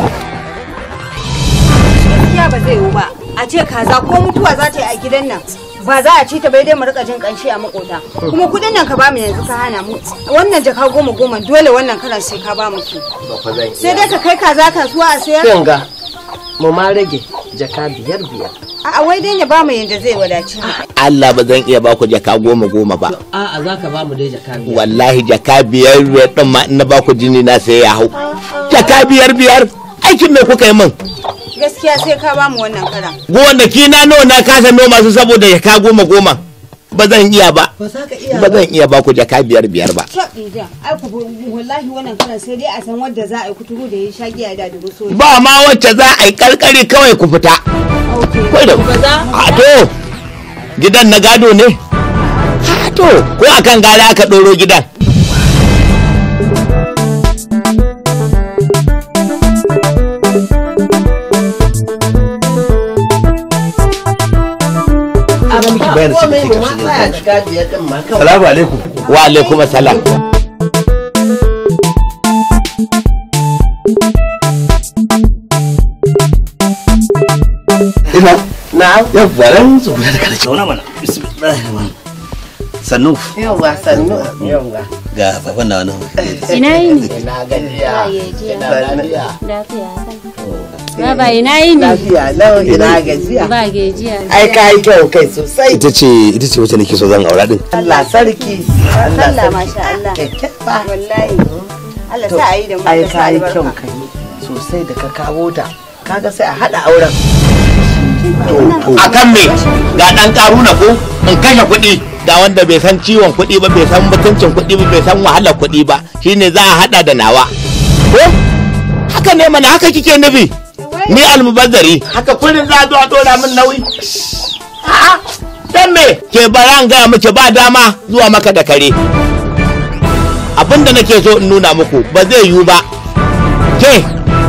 gaskiya ba zai yiwu ba a ce kaza ko mutuwa za ta yi a gidan nan ba za a ci ta bai dai mu rika jin kanshi a makota kuma kudin nan ka bamu yanzu ka hana mu wannan jaka goma goma dole wannan karan sai ka bamu ki sai dai ka kai kaza kasuwa a sayar kin ga mu ma rage jaka biyar biyar a wai dai ya bamu yanda zai wadace Allah ba zan iya baku jaka goma goma ba a'a za ka bamu dai jaka biyar wallahi jaka biyar biyar din ma in na baku jini na sai ya hau jaka biyar biyar aikin me kuka yi min gaskiya sai ka ba mu wannan kara gowan da kina nawa na kasa noma su saboda ka goma goma ba zan iya ba ba zan iya ba ku jaka biyar biyar ba ai ku wallahi wannan karan sai dai a san wanda za a yi kuturu da ya sha giya da dubu so ba ma wacce za a yi karkare kawai ku fita kai da a to gidan na gado ne a to ko akan gari aka doro gidan bayanin su ke tafsirin salamu alaikum wa alaikum assalam ina na'am yabba ran su guda da kada zauna mana bismillahir sannu yawa sannu yawa ga baban na wani ina yi ne ina gajiya lafiya Baba ina yi ne? Lafiya lawan Ai ka yi kyau kai sosai. Ita ce ita ce wacce nake so zan aura din. Allah sarki. Allah masha Allah. Ah, kyakkyawa. Wallahi. Allah sa a da mu. Ai ka yi kyau kai sosai da ka kawo ta. Kaga sai a hada auren. A kan me ga ɗan karuna ko in kashe kuɗi ga wanda bai san ciwon kuɗi ba bai san mutuncin kuɗi ba bai san wahalar kuɗi ba shine za a hada da nawa. Ko? Haka ne mana haka kike nufi. ni almubazzari haka kullum za a zo a dora min nauyi dan me ke baran gaya muke ba dama zuwa maka da kare da nake so in nuna muku ba zai yiwu ba ke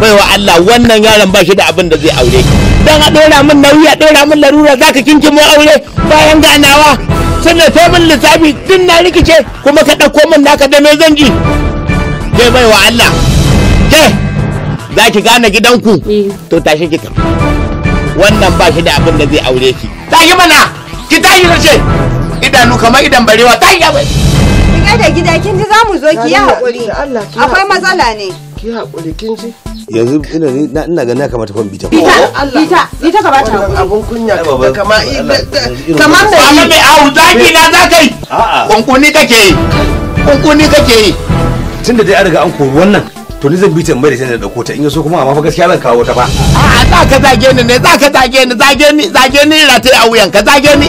baiwa Allah wannan yaron ba shi da abin da zai aure dan a dora min nauyi a dora min larura zaka kinkimo aure bayan ganawa sannan sai min lissafi din na rikice kuma ka ɗauko min naka da me zan ji ke baiwa Allah ke za ki gane gidanku eh. to tashi ki tafi wannan ba shi da abin da zai aure ki tashi mana ki tashi na ce idanu kamar idan barewa tashi ya bai kin da gida kin ji zamu zo ki ya hakuri akwai matsala ne ki hakuri kin ji yanzu ina na ina ganin ya kamata kwan bita oh, bita bita ka bata abun kunya kama kamar da amma mai awu zaki na zakai kunkuni kake yi kunkuni kake yi tunda dai an riga an kori wannan to ni zan bi ta da sai da dauko ta in yaso kuma amma fa gaskiya zan kawo ta ba a za ka zage ni ne za ka zage ni zage ni zage ni rata a wuyan ka zage ni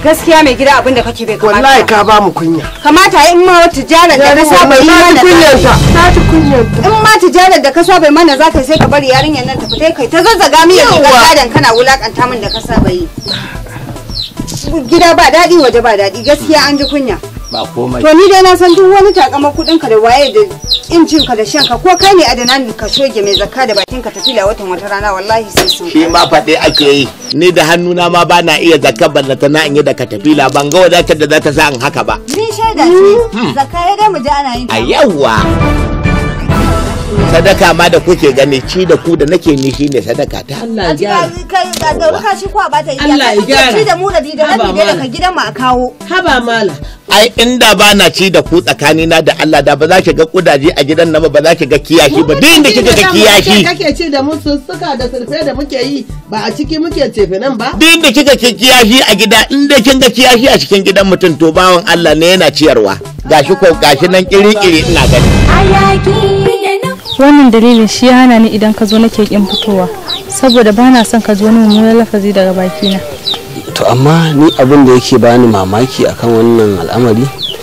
gaskiya mai gida abinda kake bai kamata wallahi ka ba mu kunya kamata in ma wata jana da ka saba yi mana kunyanta ta ta kunya in ma jana da ka bai mana zaka sai ka bari yarinyar nan ta fita kai ta zazzaga mi ya ga gadan kana wulakanta min da ka sa bai gida ba daɗi waje ba daɗi gaskiya an ji kunya ba komai to ni dai na san duk wani takama kuɗin ka da waye da incin ka da shanka ko kai ne adana ka shoge mai zakka da bakin ka tafila watan wata rana wallahi sai so. shi ma fade ake yi ni da hannuna ma ba na iya zakka ballata na in yi da katafila ban ga wadatar da za ta sa in haka ba ni shaida ce hmm. zakka ya da mu ana yin ta a sadaka ma da kuke gani ci da ku da nake ni shine sadaka ta Allah ya kai ga ka shi kwa ba ta iya Allah ya gyara ci da mu da didan da daga gidan mu a kawo haba mala ai inda ba na ci da ku tsakani na da Allah da ba za ki ga kudaje a gidan nan ba za ki ga kiyashi ba duk inda kika ga kiyashi kake ci da mu suka da surfe da muke yi ba a ciki muke cefe nan ba duk inda kika ga kiyashi a gida inda kin ga kiyashi a cikin gidan mutum to bawan Allah ne yana ciyarwa gashi ko gashi nan kiri kiri ina gani ayaki wannan dalilin shi ya hana ni idan ka zo nake kin fitowa saboda ba na son ka zo wani mummunan lafazi daga bakina to amma ni abin da yake bani mamaki akan wannan al'amari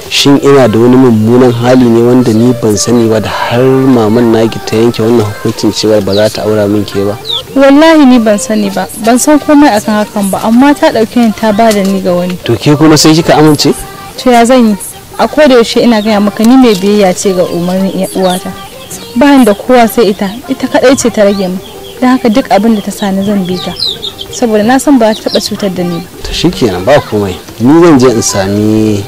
shin ina da wani mummunan hali ne wanda ni ban sani ba da har maman naki ta yanke wannan hukuncin cewa ba za ta aura min ke ba wallahi ni ban sani ba ban san komai akan hakan ba amma ta dauke ni ta ba da ni ga wani to ke kuma sai kika amince to ya zan yi a koda yaushe ina gaya maka ni mai biyayya ce ga umarnin uwata bayan da kowa sai ita ita kadai ce ta rage mu don haka duk abin da ta sani zan bi ta saboda na san ba ta taba cutar da ni ba to shikenan ba komai ni zan je in sami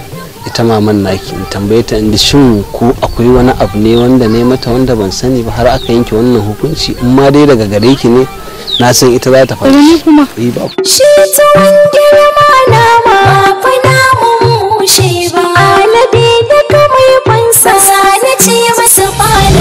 ita maman naki in tambaye ta inda shin ko akwai wani abu ne wanda ne mata wanda ban sani ba har aka yanke wannan hukunci in ma dai daga gare ki ne na san ita za ta faɗi ni kuma eh, shi ta ma na ma fa na shi ce masa falak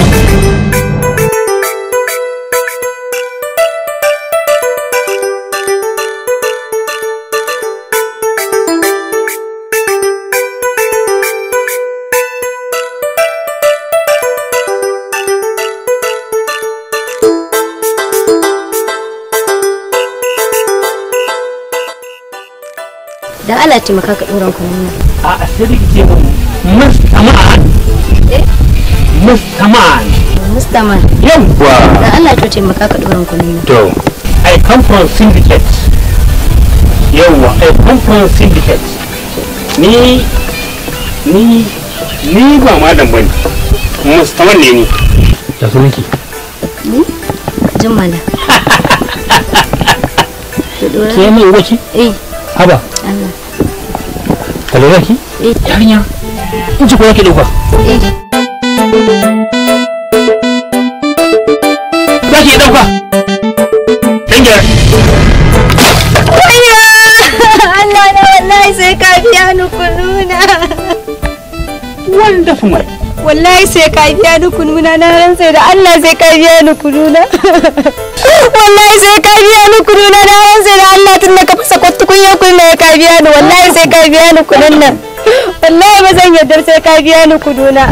da Allah taimaka ka ɗoran kuma a asiri ke mun mun amma a eh Mustaman. Mustaman. Yawwa. Da Allah ya taimaka ka ɗorin kuɗi. To, I come from syndicate. Yawwa, I come from syndicate. Ni, ni, ni ba malam bane. Mustaman ne ni. Ya so nake. Ni? Jummala. Ke mai wace? Eh. Haba. Allah. Eh. Yarinya. ko yake ɗauka? Eh. za ki na wallahi biya ni kununa wanda fi wallahi sai ka biya ni kununa na rantsa da Allah sai ka biya ni kununa wallahi sai kununa Allah ya ka biya ni wallahi sai ka biya ni kunun wallahi ba zan yarda sai ka biya ni kuduna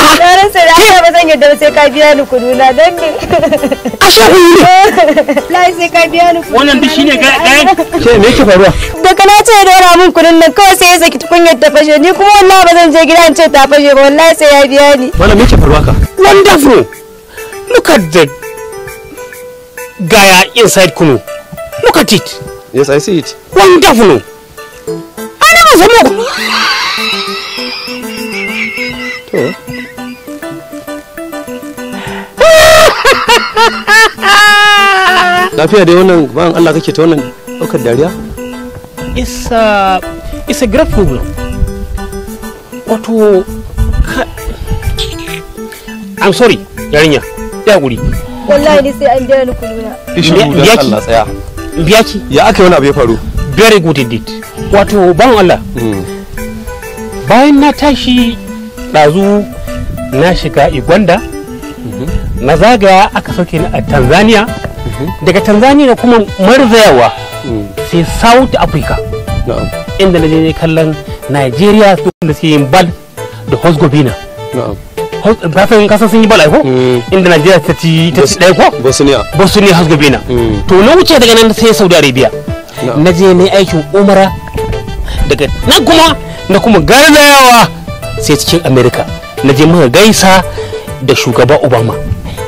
ah, na rantsa da Allah ba zan yarda sai ka biya ni kuduna dan ne ne wallahi sai ka biya ni wannan duk shine ga ga ke me yake faruwa da na ce dora mun kudin nan kawai sai ya saki tukunyar ta fashe ni kuma wallahi ba zan je gida in ce ta fashe ba wallahi sai ya biya ni wannan me yake faruwa ka wonderful look at the gaya inside kunu look at it yes i see it wonderful ana ba zama kunu lafiya dai wannan bayan Allah kake ta wannan ɗaukar dariya isa a uh, it's a great problem wato I'm sorry yarinya ya guri wallahi ni sai an biya ni kuluna biya ki Allah tsaya biya ki ya aka wani abu ya faru very good indeed wato ban Allah hmm. bayan na tashi ɗazu na shiga igwanda mhm. na zagaya aka sauke ni a tanzania daga tanzania kuma marzayawa mm. sai south africa inda na je kallon nigeria da suke yin bal da hosgobina kasan kasan sun yi bal aiko mm. inda nigeria ta ci ta ɗaya bosnia bosnia hosgobina mm. to na wuce daga nan sai saudi arabia na je ne aikin umara daga na kuma na kuma garzayawa sai cikin america na je muka gaisa da shugaba obama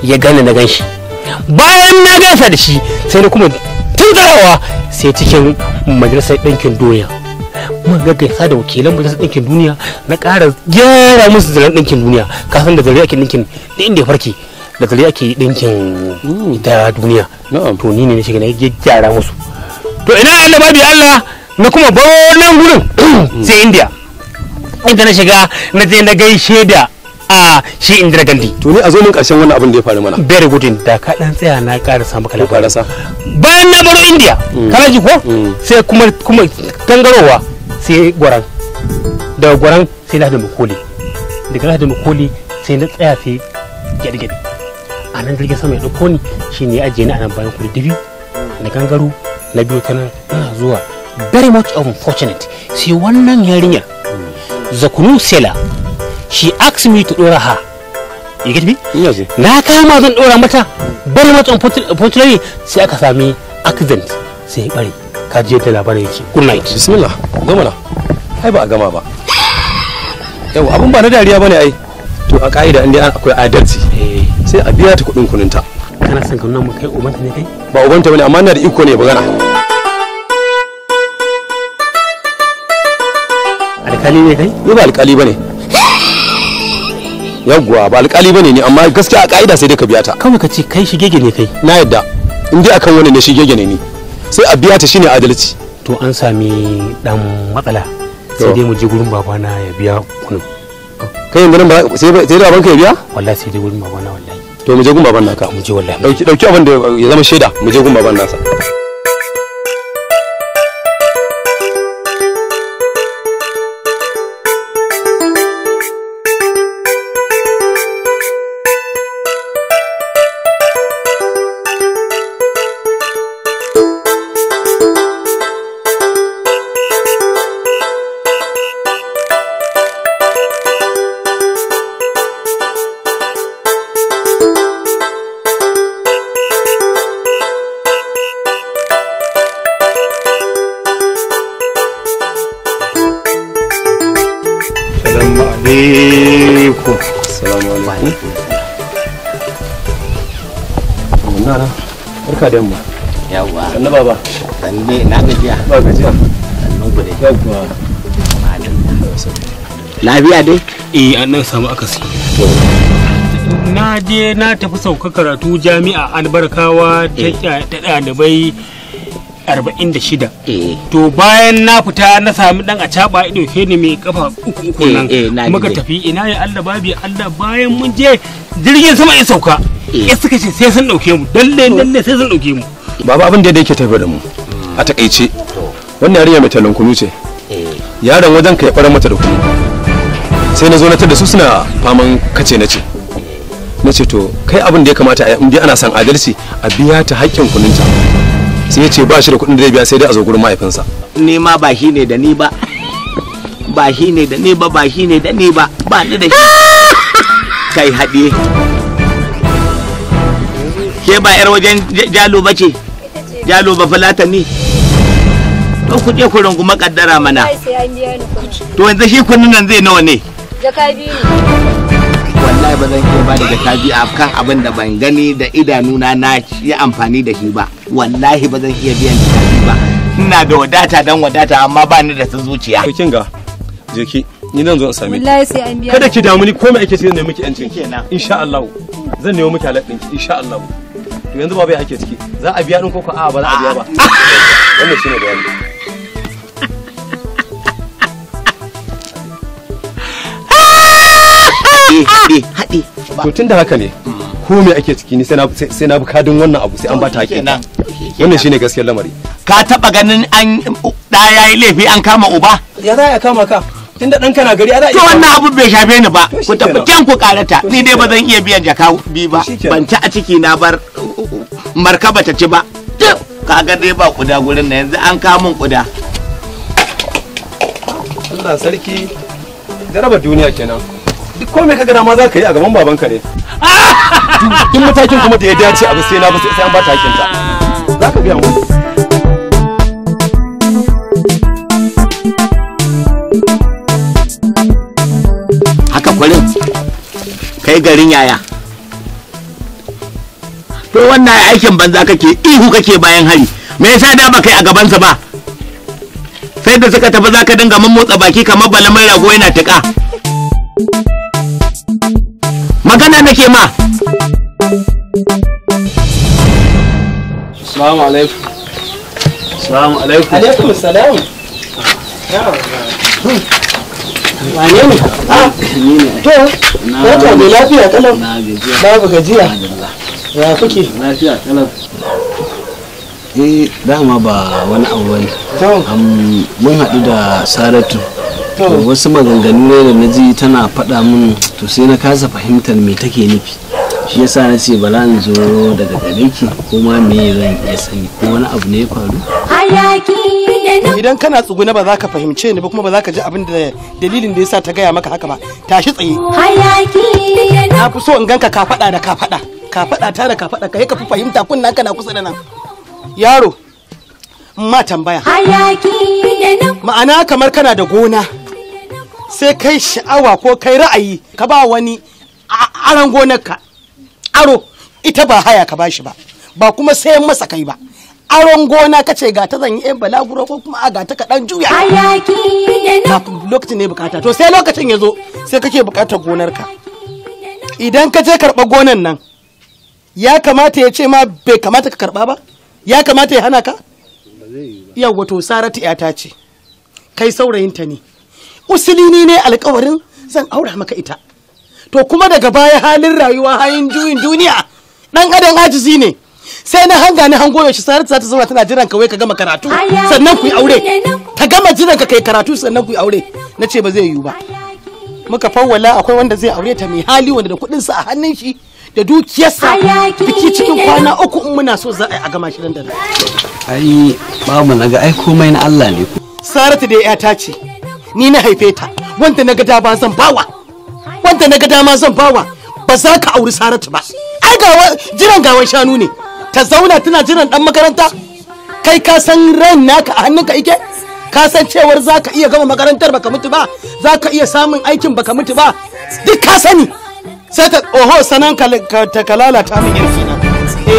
ya gane na ganshi bayan na gaisa da shi sai na kuma tunzarawa sai cikin majalisar ɗinkin duniya mun ga gaisa da wakilan majalisar ɗinkin duniya na ƙara gyara musu zaren ɗinkin duniya san da zare ake ɗinkin da inda ya farke da zare ake ɗinkin ta duniya to ni ne na shiga na gyara musu to ina ba bi Allah na kuma bawo nan gurin sai indiya inda na shiga na je na gaishe da a shi indira gandi to ni a zo min karshen wannan abin da ya faru mana very good da ka dan tsaya na karasa maka labari bayan na baro india mm. kana ji ko mm. sai kuma kuma tangarowa sai goran. daga goran sai na da makoli daga na da makoli sai na tsaya sai gyaɗe-gyaɗe a nan jirgin sama ya ɗauko ni shi ne ajiye ni a nan bayan kuli dubi na gangaro na biyu ta nan zuwa very much unfortunate sai wannan yarinya mm. zakunu sela she asked me to dora her you get me na kama zan dora mata bari mata unfortunately sai aka sami accident sai bare ka je labarin good night bismillah ai ba a gama ba yau ba na dariya bane ai to a ka'ida inda akwai adalci eh. sai a biya ta kuɗin kuninta kana son mu kai ubanta ne kai ba ubanta bane amma da iko ne alkali ne kai ba alkali bane yawwa ba alƙali bane ne amma gaskiya a ka'ida sai dai ka biya ta kawai ka ce kai shigege ne kai na yadda in dai akan wani ne shigege ne ni sai a biya ta shine adalci to an sami dan matsala sai dai mu je gurin babana ya biya kunun kai yanzu nan ba sai sai da banka ya biya wallahi sai dai gurin babana wallahi to mu je gurin baban naka mu je wallahi dauki dauki abin da ya zama shaida mu je gurin baban nasa Najeriya dai? Eh an nan samu akasi. Na je na tafi sauka karatu jami'a albarkawa ta eh. ɗalibai arba'in da shida. Eh. To bayan na fita na sami dan a caba ido ke ne mai kafa uku uku nan eh, muka tafi ina ya Allah babi Allah bayan mun je jirgin sama ya sauka. Ya suka ce sai sun dauke mu dalle dalle sai sun dauke mu. Baba abin da yake tafi da mu a takaice wannan yarinya mai talankunu ce. Yaron wajen ka ya fara mata da kuma. sai na zo na tada su suna faman kace na ce na ce to kai abin da ya kamata a yi ana san adalci a biya ta haƙƙin kuninta sai ya ce ba shi da kuɗin da zai biya sai dai a zo gurin mahaifinsa ni ma ba shi ne da ni ba ba shi ne da ni ba ba shi ne da ni ba ba ni da shi kai haɗe ke ba yar wajen jalo ba ce jalo ba fulata ne to ku je ku runguma kaddara mana to yanzu shi kunnin nan zai nawa ne Jaka ne. Wallahi ba zan iya ba da jaka biyu a kan abin da ban gani da idanuna na yi amfani da shi ba. Wallahi ba zan iya biyan jaka biyu ba. Ina da wadata dan wadata amma ba ni da ta zuciya. Kin ga je ni nan zo in same ki. Wallahi sai an biya. Kada ki damu ni komai ake sai da muke ki yancin kenan. Insha Allah. Zan nemi muke halal ɗinki insha Allah. To yanzu ba bai ake ciki. Za a biya din ko ko a'a ba za a biya ba. Ah! Wannan shine bayani. haɗe eh, ah! eh. haɗe haɗe to tunda haka ne ko me ake ciki ni sai na bi wannan abu sai an bata haƙe wannan shine gaskiyar lamari ka taba ganin an da yayi laifi an kama uba ya za ya kama ka tunda dan kana gari a to wannan abu bai shafe ni ba ku tafi kyan ku karata ni dai ba zan iya biyan jaka bi ba ban ta a ciki na bar markaba ta ci ba kaga dai ba kuda gurin na yanzu an kamun kuda Allah sarki jarabar duniya kenan duk komai ka gana ma za ka yi a gaban babanka ne duk matakin kuma da ya dace abu sai na ba sai an ba ta hakinta za ka gaya mu haka kwarin kai garin yaya to wannan aikin banza kake ihu kake bayan hari me yasa da ba kai a gabansa ba sai da suka tafi za ka dinga motsa baki kamar balamin rago yana you magana nake ma Assalamu alaikum alaikum salam Wane ne? Ah, To, na ta lafiya Na Babu gajiya. Ya kuke? Lafiya Eh, dama ba wani abu bane. Mun haɗu da Saratu. wasu maganganu ne da na ji tana faɗa min to sai na kasa fahimtar me take nufi shi yasa na ce bala in zo daga gare ki ko ma me zan iya sani ko wani abu ne ya faru idan kana tsuguna ba za ka fahimce ni ba kuma ba za ka ji abin da dalilin da yasa ta gaya maka haka ba tashi tsaye na fi so in ganka ka faɗa da ka faɗa ka faɗa ta da ka faɗa kai ka fi fahimta kunna kana kusa da nan yaro ma tambaya ma'ana kamar kana da gona sai kai sha'awa ko kai ra'ayi ka ba wani aron gonarka aro ita ba haya ka bashi ba ba kuma sai masa kai ba aron gona ka ce ga ta zan yi yan balaguro ko kuma a ga ta kaɗan juya lokacin ne bukata to sai lokacin ya zo sai kake bukatar gonarka idan ka je karɓa gonan nan ya kamata ya ce ma bai kamata ka karɓa ba ya kamata ya hana ka yawwa to saratu ta ce kai saurayinta ne usulini ne alkawarin zan aura maka ita to kuma daga baya halin rayuwa hayin juyin duniya dan adam ajizi ne sai na hanga ni hango yaushe sai ta zauna tana jiran ka wai ka gama karatu sannan ku yi aure ta gama jiran ka kai karatu sannan ku yi aure na ce ba zai yiwu ba muka fawwala akwai wanda zai aure ta mai hali wanda da kuɗin sa a hannun shi da dukiyarsa biki cikin kwana uku in muna so za a gama shi nan da nan ai babu naga ai komai na Allah ne ku saratu da ya ta ce ni na haife ta wanda na gada ba zan bawa wanda na gada ma zan bawa ba za ka auri saratu ba ai ga jiran gawan shanu ne ta zauna tana jiran dan makaranta kai ka san ran naka a hannunka ike ka san cewar za ka iya gama makarantar baka mutu ba za ka iya samun aikin baka mutu ba duk ka sani sai ka oho sanan ka ta min yanzu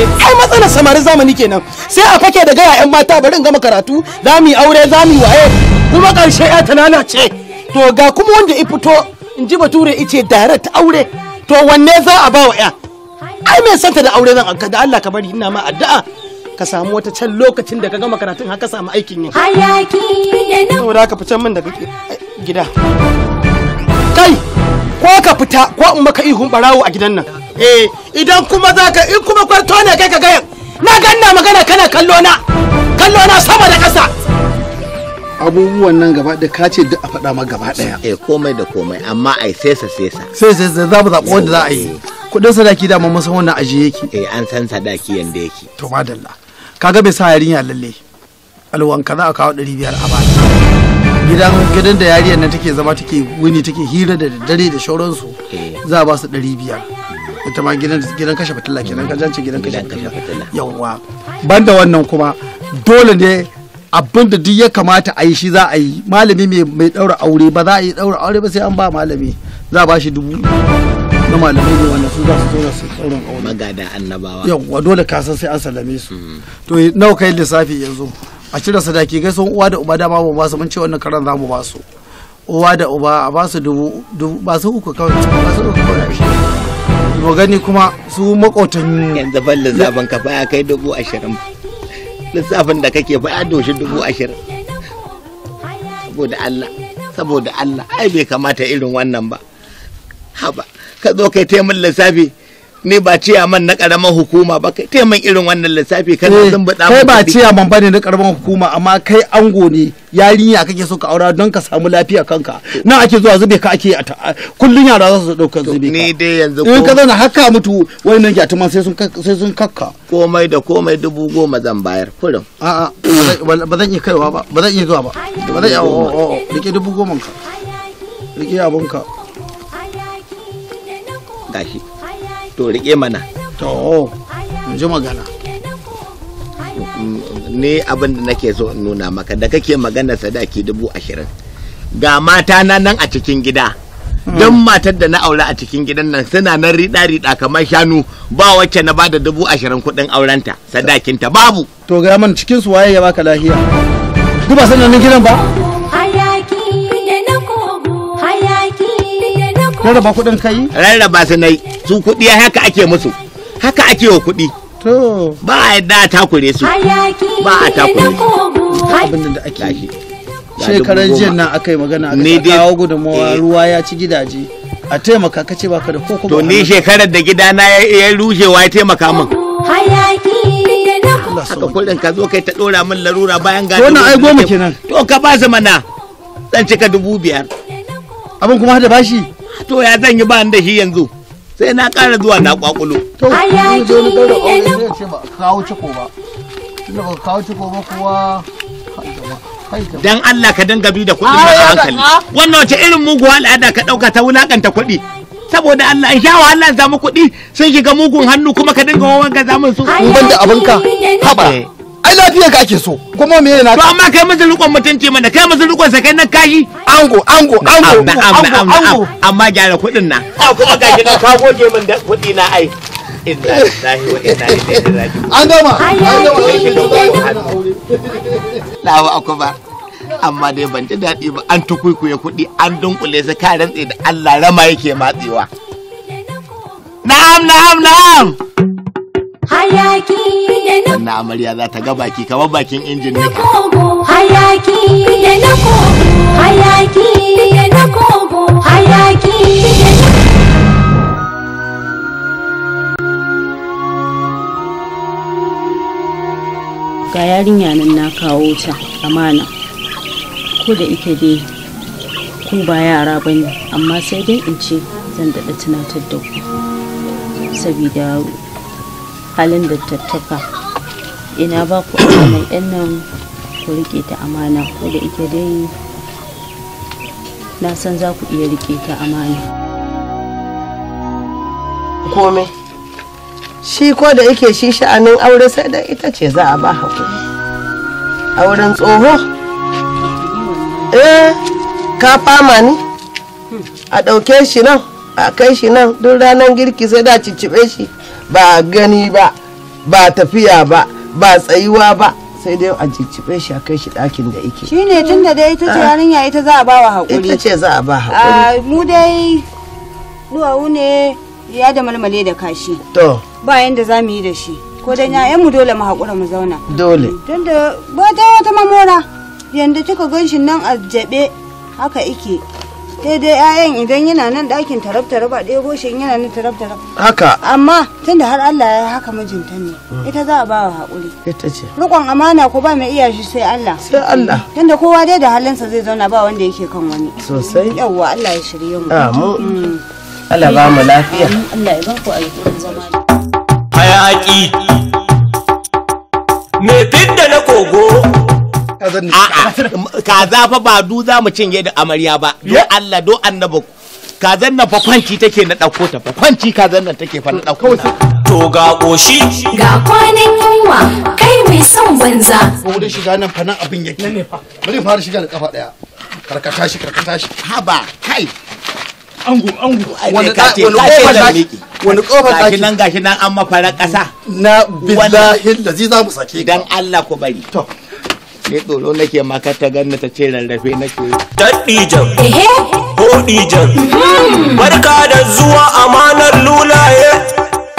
ai matsalar samarin zamani kenan sai a fake da gaya yan mata bari in gama karatu za mu yi aure za mu yi waye kuma karshe ya ta ce to ga kuma wanda i fito in ji bature ice direct aure to wanne za a ba wa ya ai mai santa da aure zan da Allah ka bari ina ma addu'a ka samu wata can lokacin da ka gama karatun haka samu aikin yi hayaki yana saboda ka fitan min daga gida kai ko ka fita ko in maka ihun barawo a gidan nan eh idan kuma za in kuma kwarto ne kai ka gayan na ganna magana kana kallo na kallo na sama da ƙasa abubuwan nan gaba da ka ce duk a faɗa ma gaba daya Eh komai da komai amma ai sesa sesa. Sesa sesa za mu zaɓi wanda za a yi. Eh. kudin sadaki da mun san wannan aje yake. Eh an san sadaki yanda yake. To madalla. Kaga bai sa yarinya lalle. Alwanka za a kawo ɗari a bana. gidan gidan da yariyar nan take zama take wuni take hira da dare da shauransu eh. za a ba su ɗari biyar ita ma gidan gidan kashe fitila kenan ka jance gidan kashe fitila yawwa banda wannan kuma dole ne abin da duk ya kamata a yi shi za a yi malami mai ɗaura aure ba za a yi ɗaura aure ba sai an ba malami za a ba shi dubu na malamai ne wanda su za su zauna su tsoron aure magada annabawa yawwa dole ka san sai an salame su mm. to nawa kai lissafi yanzu a cire sadaki sun uwa da uba dama ba basu mun ce wannan karan za mu basu uwa da uba a basu dubu dubu su uku kawai su uku kawai mu gani kuma su makotan yanzu ban lissafin ka baya kai dubu ashirin lissafin da kake baya doshi dubu ashirin saboda Allah saboda Allah ai bai kamata irin wannan ba haba ka zo kai taimun lissafi ne ba ciyaman na karamar hukuma ba kai taiman irin wannan lissafi kan sun eh, bada kai ba ciyaman bane na karamar hukuma amma kai ango ne yarinya kake so ka aura don ka samu lafiya kanka nan ake zuwa zube ka ake a kullun yara za su dauka zube ka ni dai yanzu in ka zauna haka mutu wannan gyatuman sai sun sai sun kakka komai da komai dubu goma zan bayar a a'a ba zan iya kaiwa ba ba zan iya zuwa ba ba zan iya oh, oh, oh, rike dubu goma ka rike abunka gashi to rike mana to ji magana ne abin da nake so in nuna maka da kake magana sadaki dubu ashirin ga mata na nan a cikin gida hmm. don matar da na aure a cikin gidan nan suna nan riɗa-riɗa kamar shanu ba wacce na bada dubu ashirin kuɗin aurenta sadakinta babu to ga man cikin su waye ya baka lahiya duba sanannin gidan ba rarraba kuɗin kai rarraba su nai su kuɗi haka ake musu haka ake wa kuɗi to ba a yadda a takure su ba a takure su abin da ake yi shekarar jiya nan aka yi magana a kawo gudunmawa eh. ruwa ya ci gidaje a taimaka kace ka da ko kuma to ni shekarar da gidana ya rushewa ya taimaka min haka kullum ka zo kai ta dora min larura bayan ga wannan ai goma kenan to ka ba mana zan cika dubu biyar abin kuma da bashi to ya zan yi ba da shi yanzu sai na ƙara zuwa na kwakulo. To, Dan Allah ka danga bi da kuɗi ba hankali. Wannan wace irin mugu al'ada ka ɗauka ta wulaƙanta kuɗi. Saboda Allah in sha wahala in samu kuɗi sun shiga mugun hannu kuma ka dinga wawan ga zamun su. Uban da abinka haɓa. ai lafiyar ka ake so kuma me yana to amma kai mazin rikon mutunci mana kai mazin rikon sakai na kashi ango ango ango ango ango amma gyara kuɗin na a kuma ga gidan ka goge min da kuɗi na ai inna lillahi wa inna ilaihi raji'un an gama an gama lawa akuba amma dai ban ji daɗi ba an tukuikuye kuɗi an dunkule su ka tsaye da Allah rama yake matsewa na'am na'am na'am hayaki da na amarya za ta ga baki kamar bakin injin ne hayaki da na kogo hayaki da na kogo hayaki ga yarinya nan na kawo ta amana ko da ike dai ku ba yara ba ne amma sai dai in ce zan daɗa tunatar da ku saboda halin da tattafa ina ba ku mai yan nan ku rike ta amana ko da ike dai na san za ku iya rike ta amana komai shi ko da ike shi sha'anin aure sai da ita ce za a ba hakuri auren tsoho eh ka fama ni a ɗauke shi nan a kai shi nan duk ranar girki sai da cicibe shi ba gani ba ba tafiya ba ba tsayuwa ba sai dai a jiccibe shi a kai shi ɗakin da yake ne tun da dai ita ce ah. yarinya ita za a ba wa haƙuri ita ce za a ba ah, haƙuri mu dai duwawu ne ya da malmale da kashi to ba yanda za mu yi da shi ko da mu dole mu haƙura mu zauna dole tun da wata wata mamora yanda kika gan shi nan a jabe haka ike sai dai 'ya'yan idan yana nan ɗakin tarab ba ɗaya goshin yana nan tarab-tarab haka amma tunda har Allah ya haka mijinta ne hmm. ita za a ba wa haƙuri ita ce rikon amana ko ba mai iya shi sai Allah sai Allah tunda kowa dai da halinsa zai zauna ba wanda yake kan wani sosai yawwa Allah ya shirye mu amin hmm. Allah ba mu lafiya Allah ya ba ku aiki zama hayaki me fidda zan kazan ka za fa ba du za mu cinye da amarya ba do Allah do annaba kazan nan fa kwanci take na dauko ta fa kwanci zan na take fa na dauko ta to ga koshi ga kwanin yunwa kai mai son banza ko da shiga nan fa nan abin yake ne fa bari fara shiga da kafa daya karkata shi karkata shi ha ba kai angu angu wani kace wani kofa miki wani kofa daki nan gashi nan an mafara kasa na billahi lazi za mu sake dan Allah ku bari to sai tsoro nake maka ta ganna ta ce rarrafe nake daɗi jam hoɗi jam hmm. barka da zuwa amanar lulaye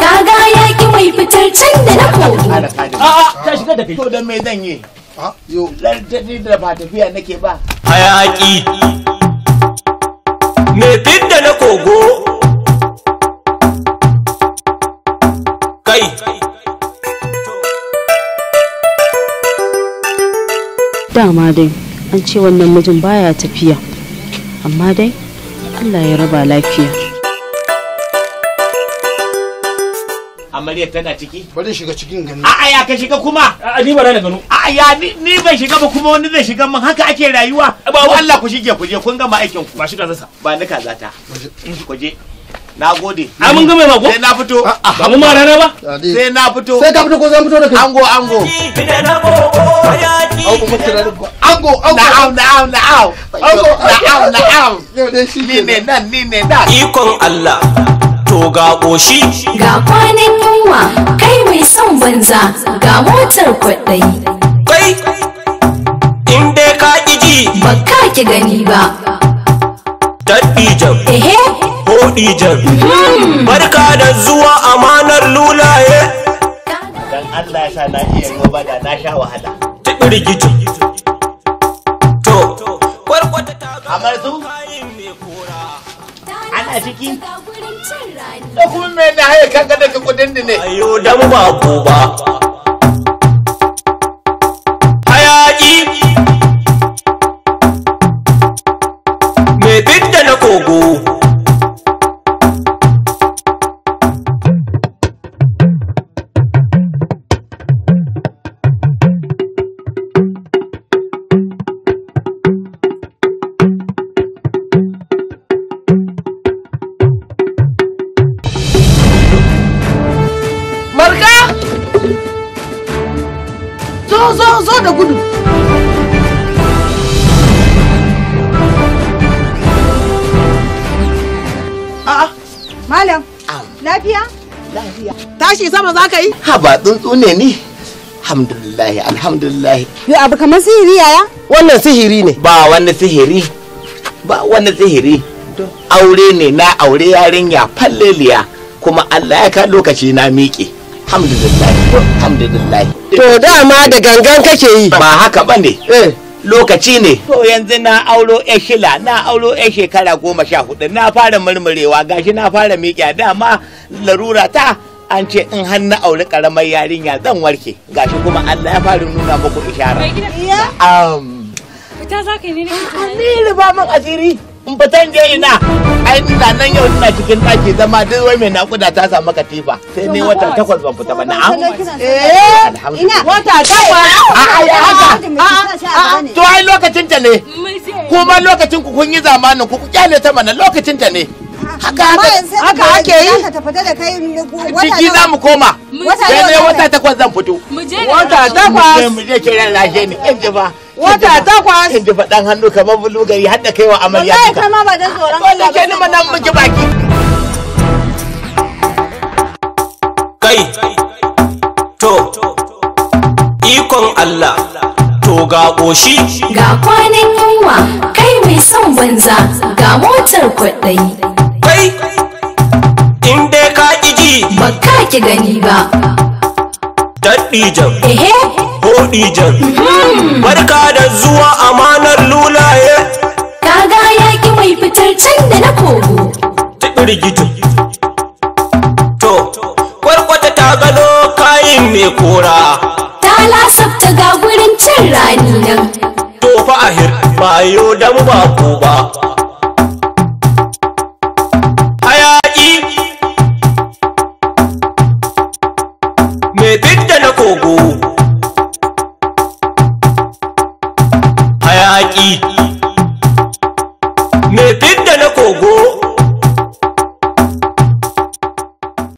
kaga yaƙi mai fitar can da na a a ta shiga da fito don me zan yi ah, yo da ba tafiya nake ba hayaki mai me fit da na kogo dama dai an ce wannan mijin baya tafiya amma dai allah ya raba lafiya amarya tana ciki bari shiga cikin gani a'a ya ka shiga kuma a'a ni ba na gano a'a ya ni ban shiga ba kuma wani zai shiga man haka ake rayuwa ba Allah ku shige ku je kun gama aikin ku ba shi da zasa ba ni kazata ku je na gode a mun gama mago sai na fito ah, ah, ba mu mara na ba sai na fito sai ka fito ko zan fito da kai ango ango ango ango na'am na'am na'am ango na'am na'am ni ne nan ni ne nan ikon Allah to ga koshi ga kwanan yunwa kai mai son banza ga motar kwaɗayi kai in dai ka ji ba ka ki gani ba Daddy jam. Ehe, khadijan barka da zuwa amanar lulaye dan Allah ya sa na iya ruwa da na sha wahala tibirgiji to kwarkwata ta ga amarzu ana ciki da kuma me na haye kanka daga kudin ne ayo dan ba ku ba tsuntsu ne ni alhamdulillahi alhamdulillahi yo abu kamar sihiri yaya wannan sihiri ne ba wani sihiri ba wani sihiri aure ne na aure yarinya falleliya kuma Allah ya ka lokaci na miƙe alhamdulillahi alhamdulillahi to dama da gangan kake yi ba haka bane eh lokaci ne. To yanzu na auro ya shila na auro ya shekara goma sha hudu na fara murmurewa gashi na fara miƙe dama larura ta an ce in har na aure karamar yarinya zan warke gashi kuma Allah ya fara nuna muku ishara. Fita za ka yi ne da Ni ba min asiri. in fitan je ina ai ina nan yau ina cikin ɗaki zama duk wai mai nakuda ta samu katifa sai ne wata takwas ban fita ba na'am eh ina wata takwas a ai haka to ai lokacin ta ne kuma lokacin ku kun yi zamanin ku ku kyale ta mana lokacin ta ne haka haka ake yi ciki za mu koma sai ne wata takwas zan fito wata takwas mu je kiran lafiya ne in ji ba wata takwas kin ji faɗan hannu kamar bulugari har da kai wa amarya wallahi kai ba dan tsoron Allah ni manan miki baki kai to ikon Allah to ga koshi ga kwanan yunwa kai mai son banza ga motar kwaɗayi kai in dai ka ƙiji ba ka ki gani ba Dattijan, Hodijan, barka da zuwa amanar lulaye. Kaga yaƙi mai fitar can da na kogo. Tiɓirgitin. To, kwarkwata ta gano kayin mai kora. Ta lasafta ga wurin cin rani nan. To fa'ahir, ba yau dan ba ko ba. Oh.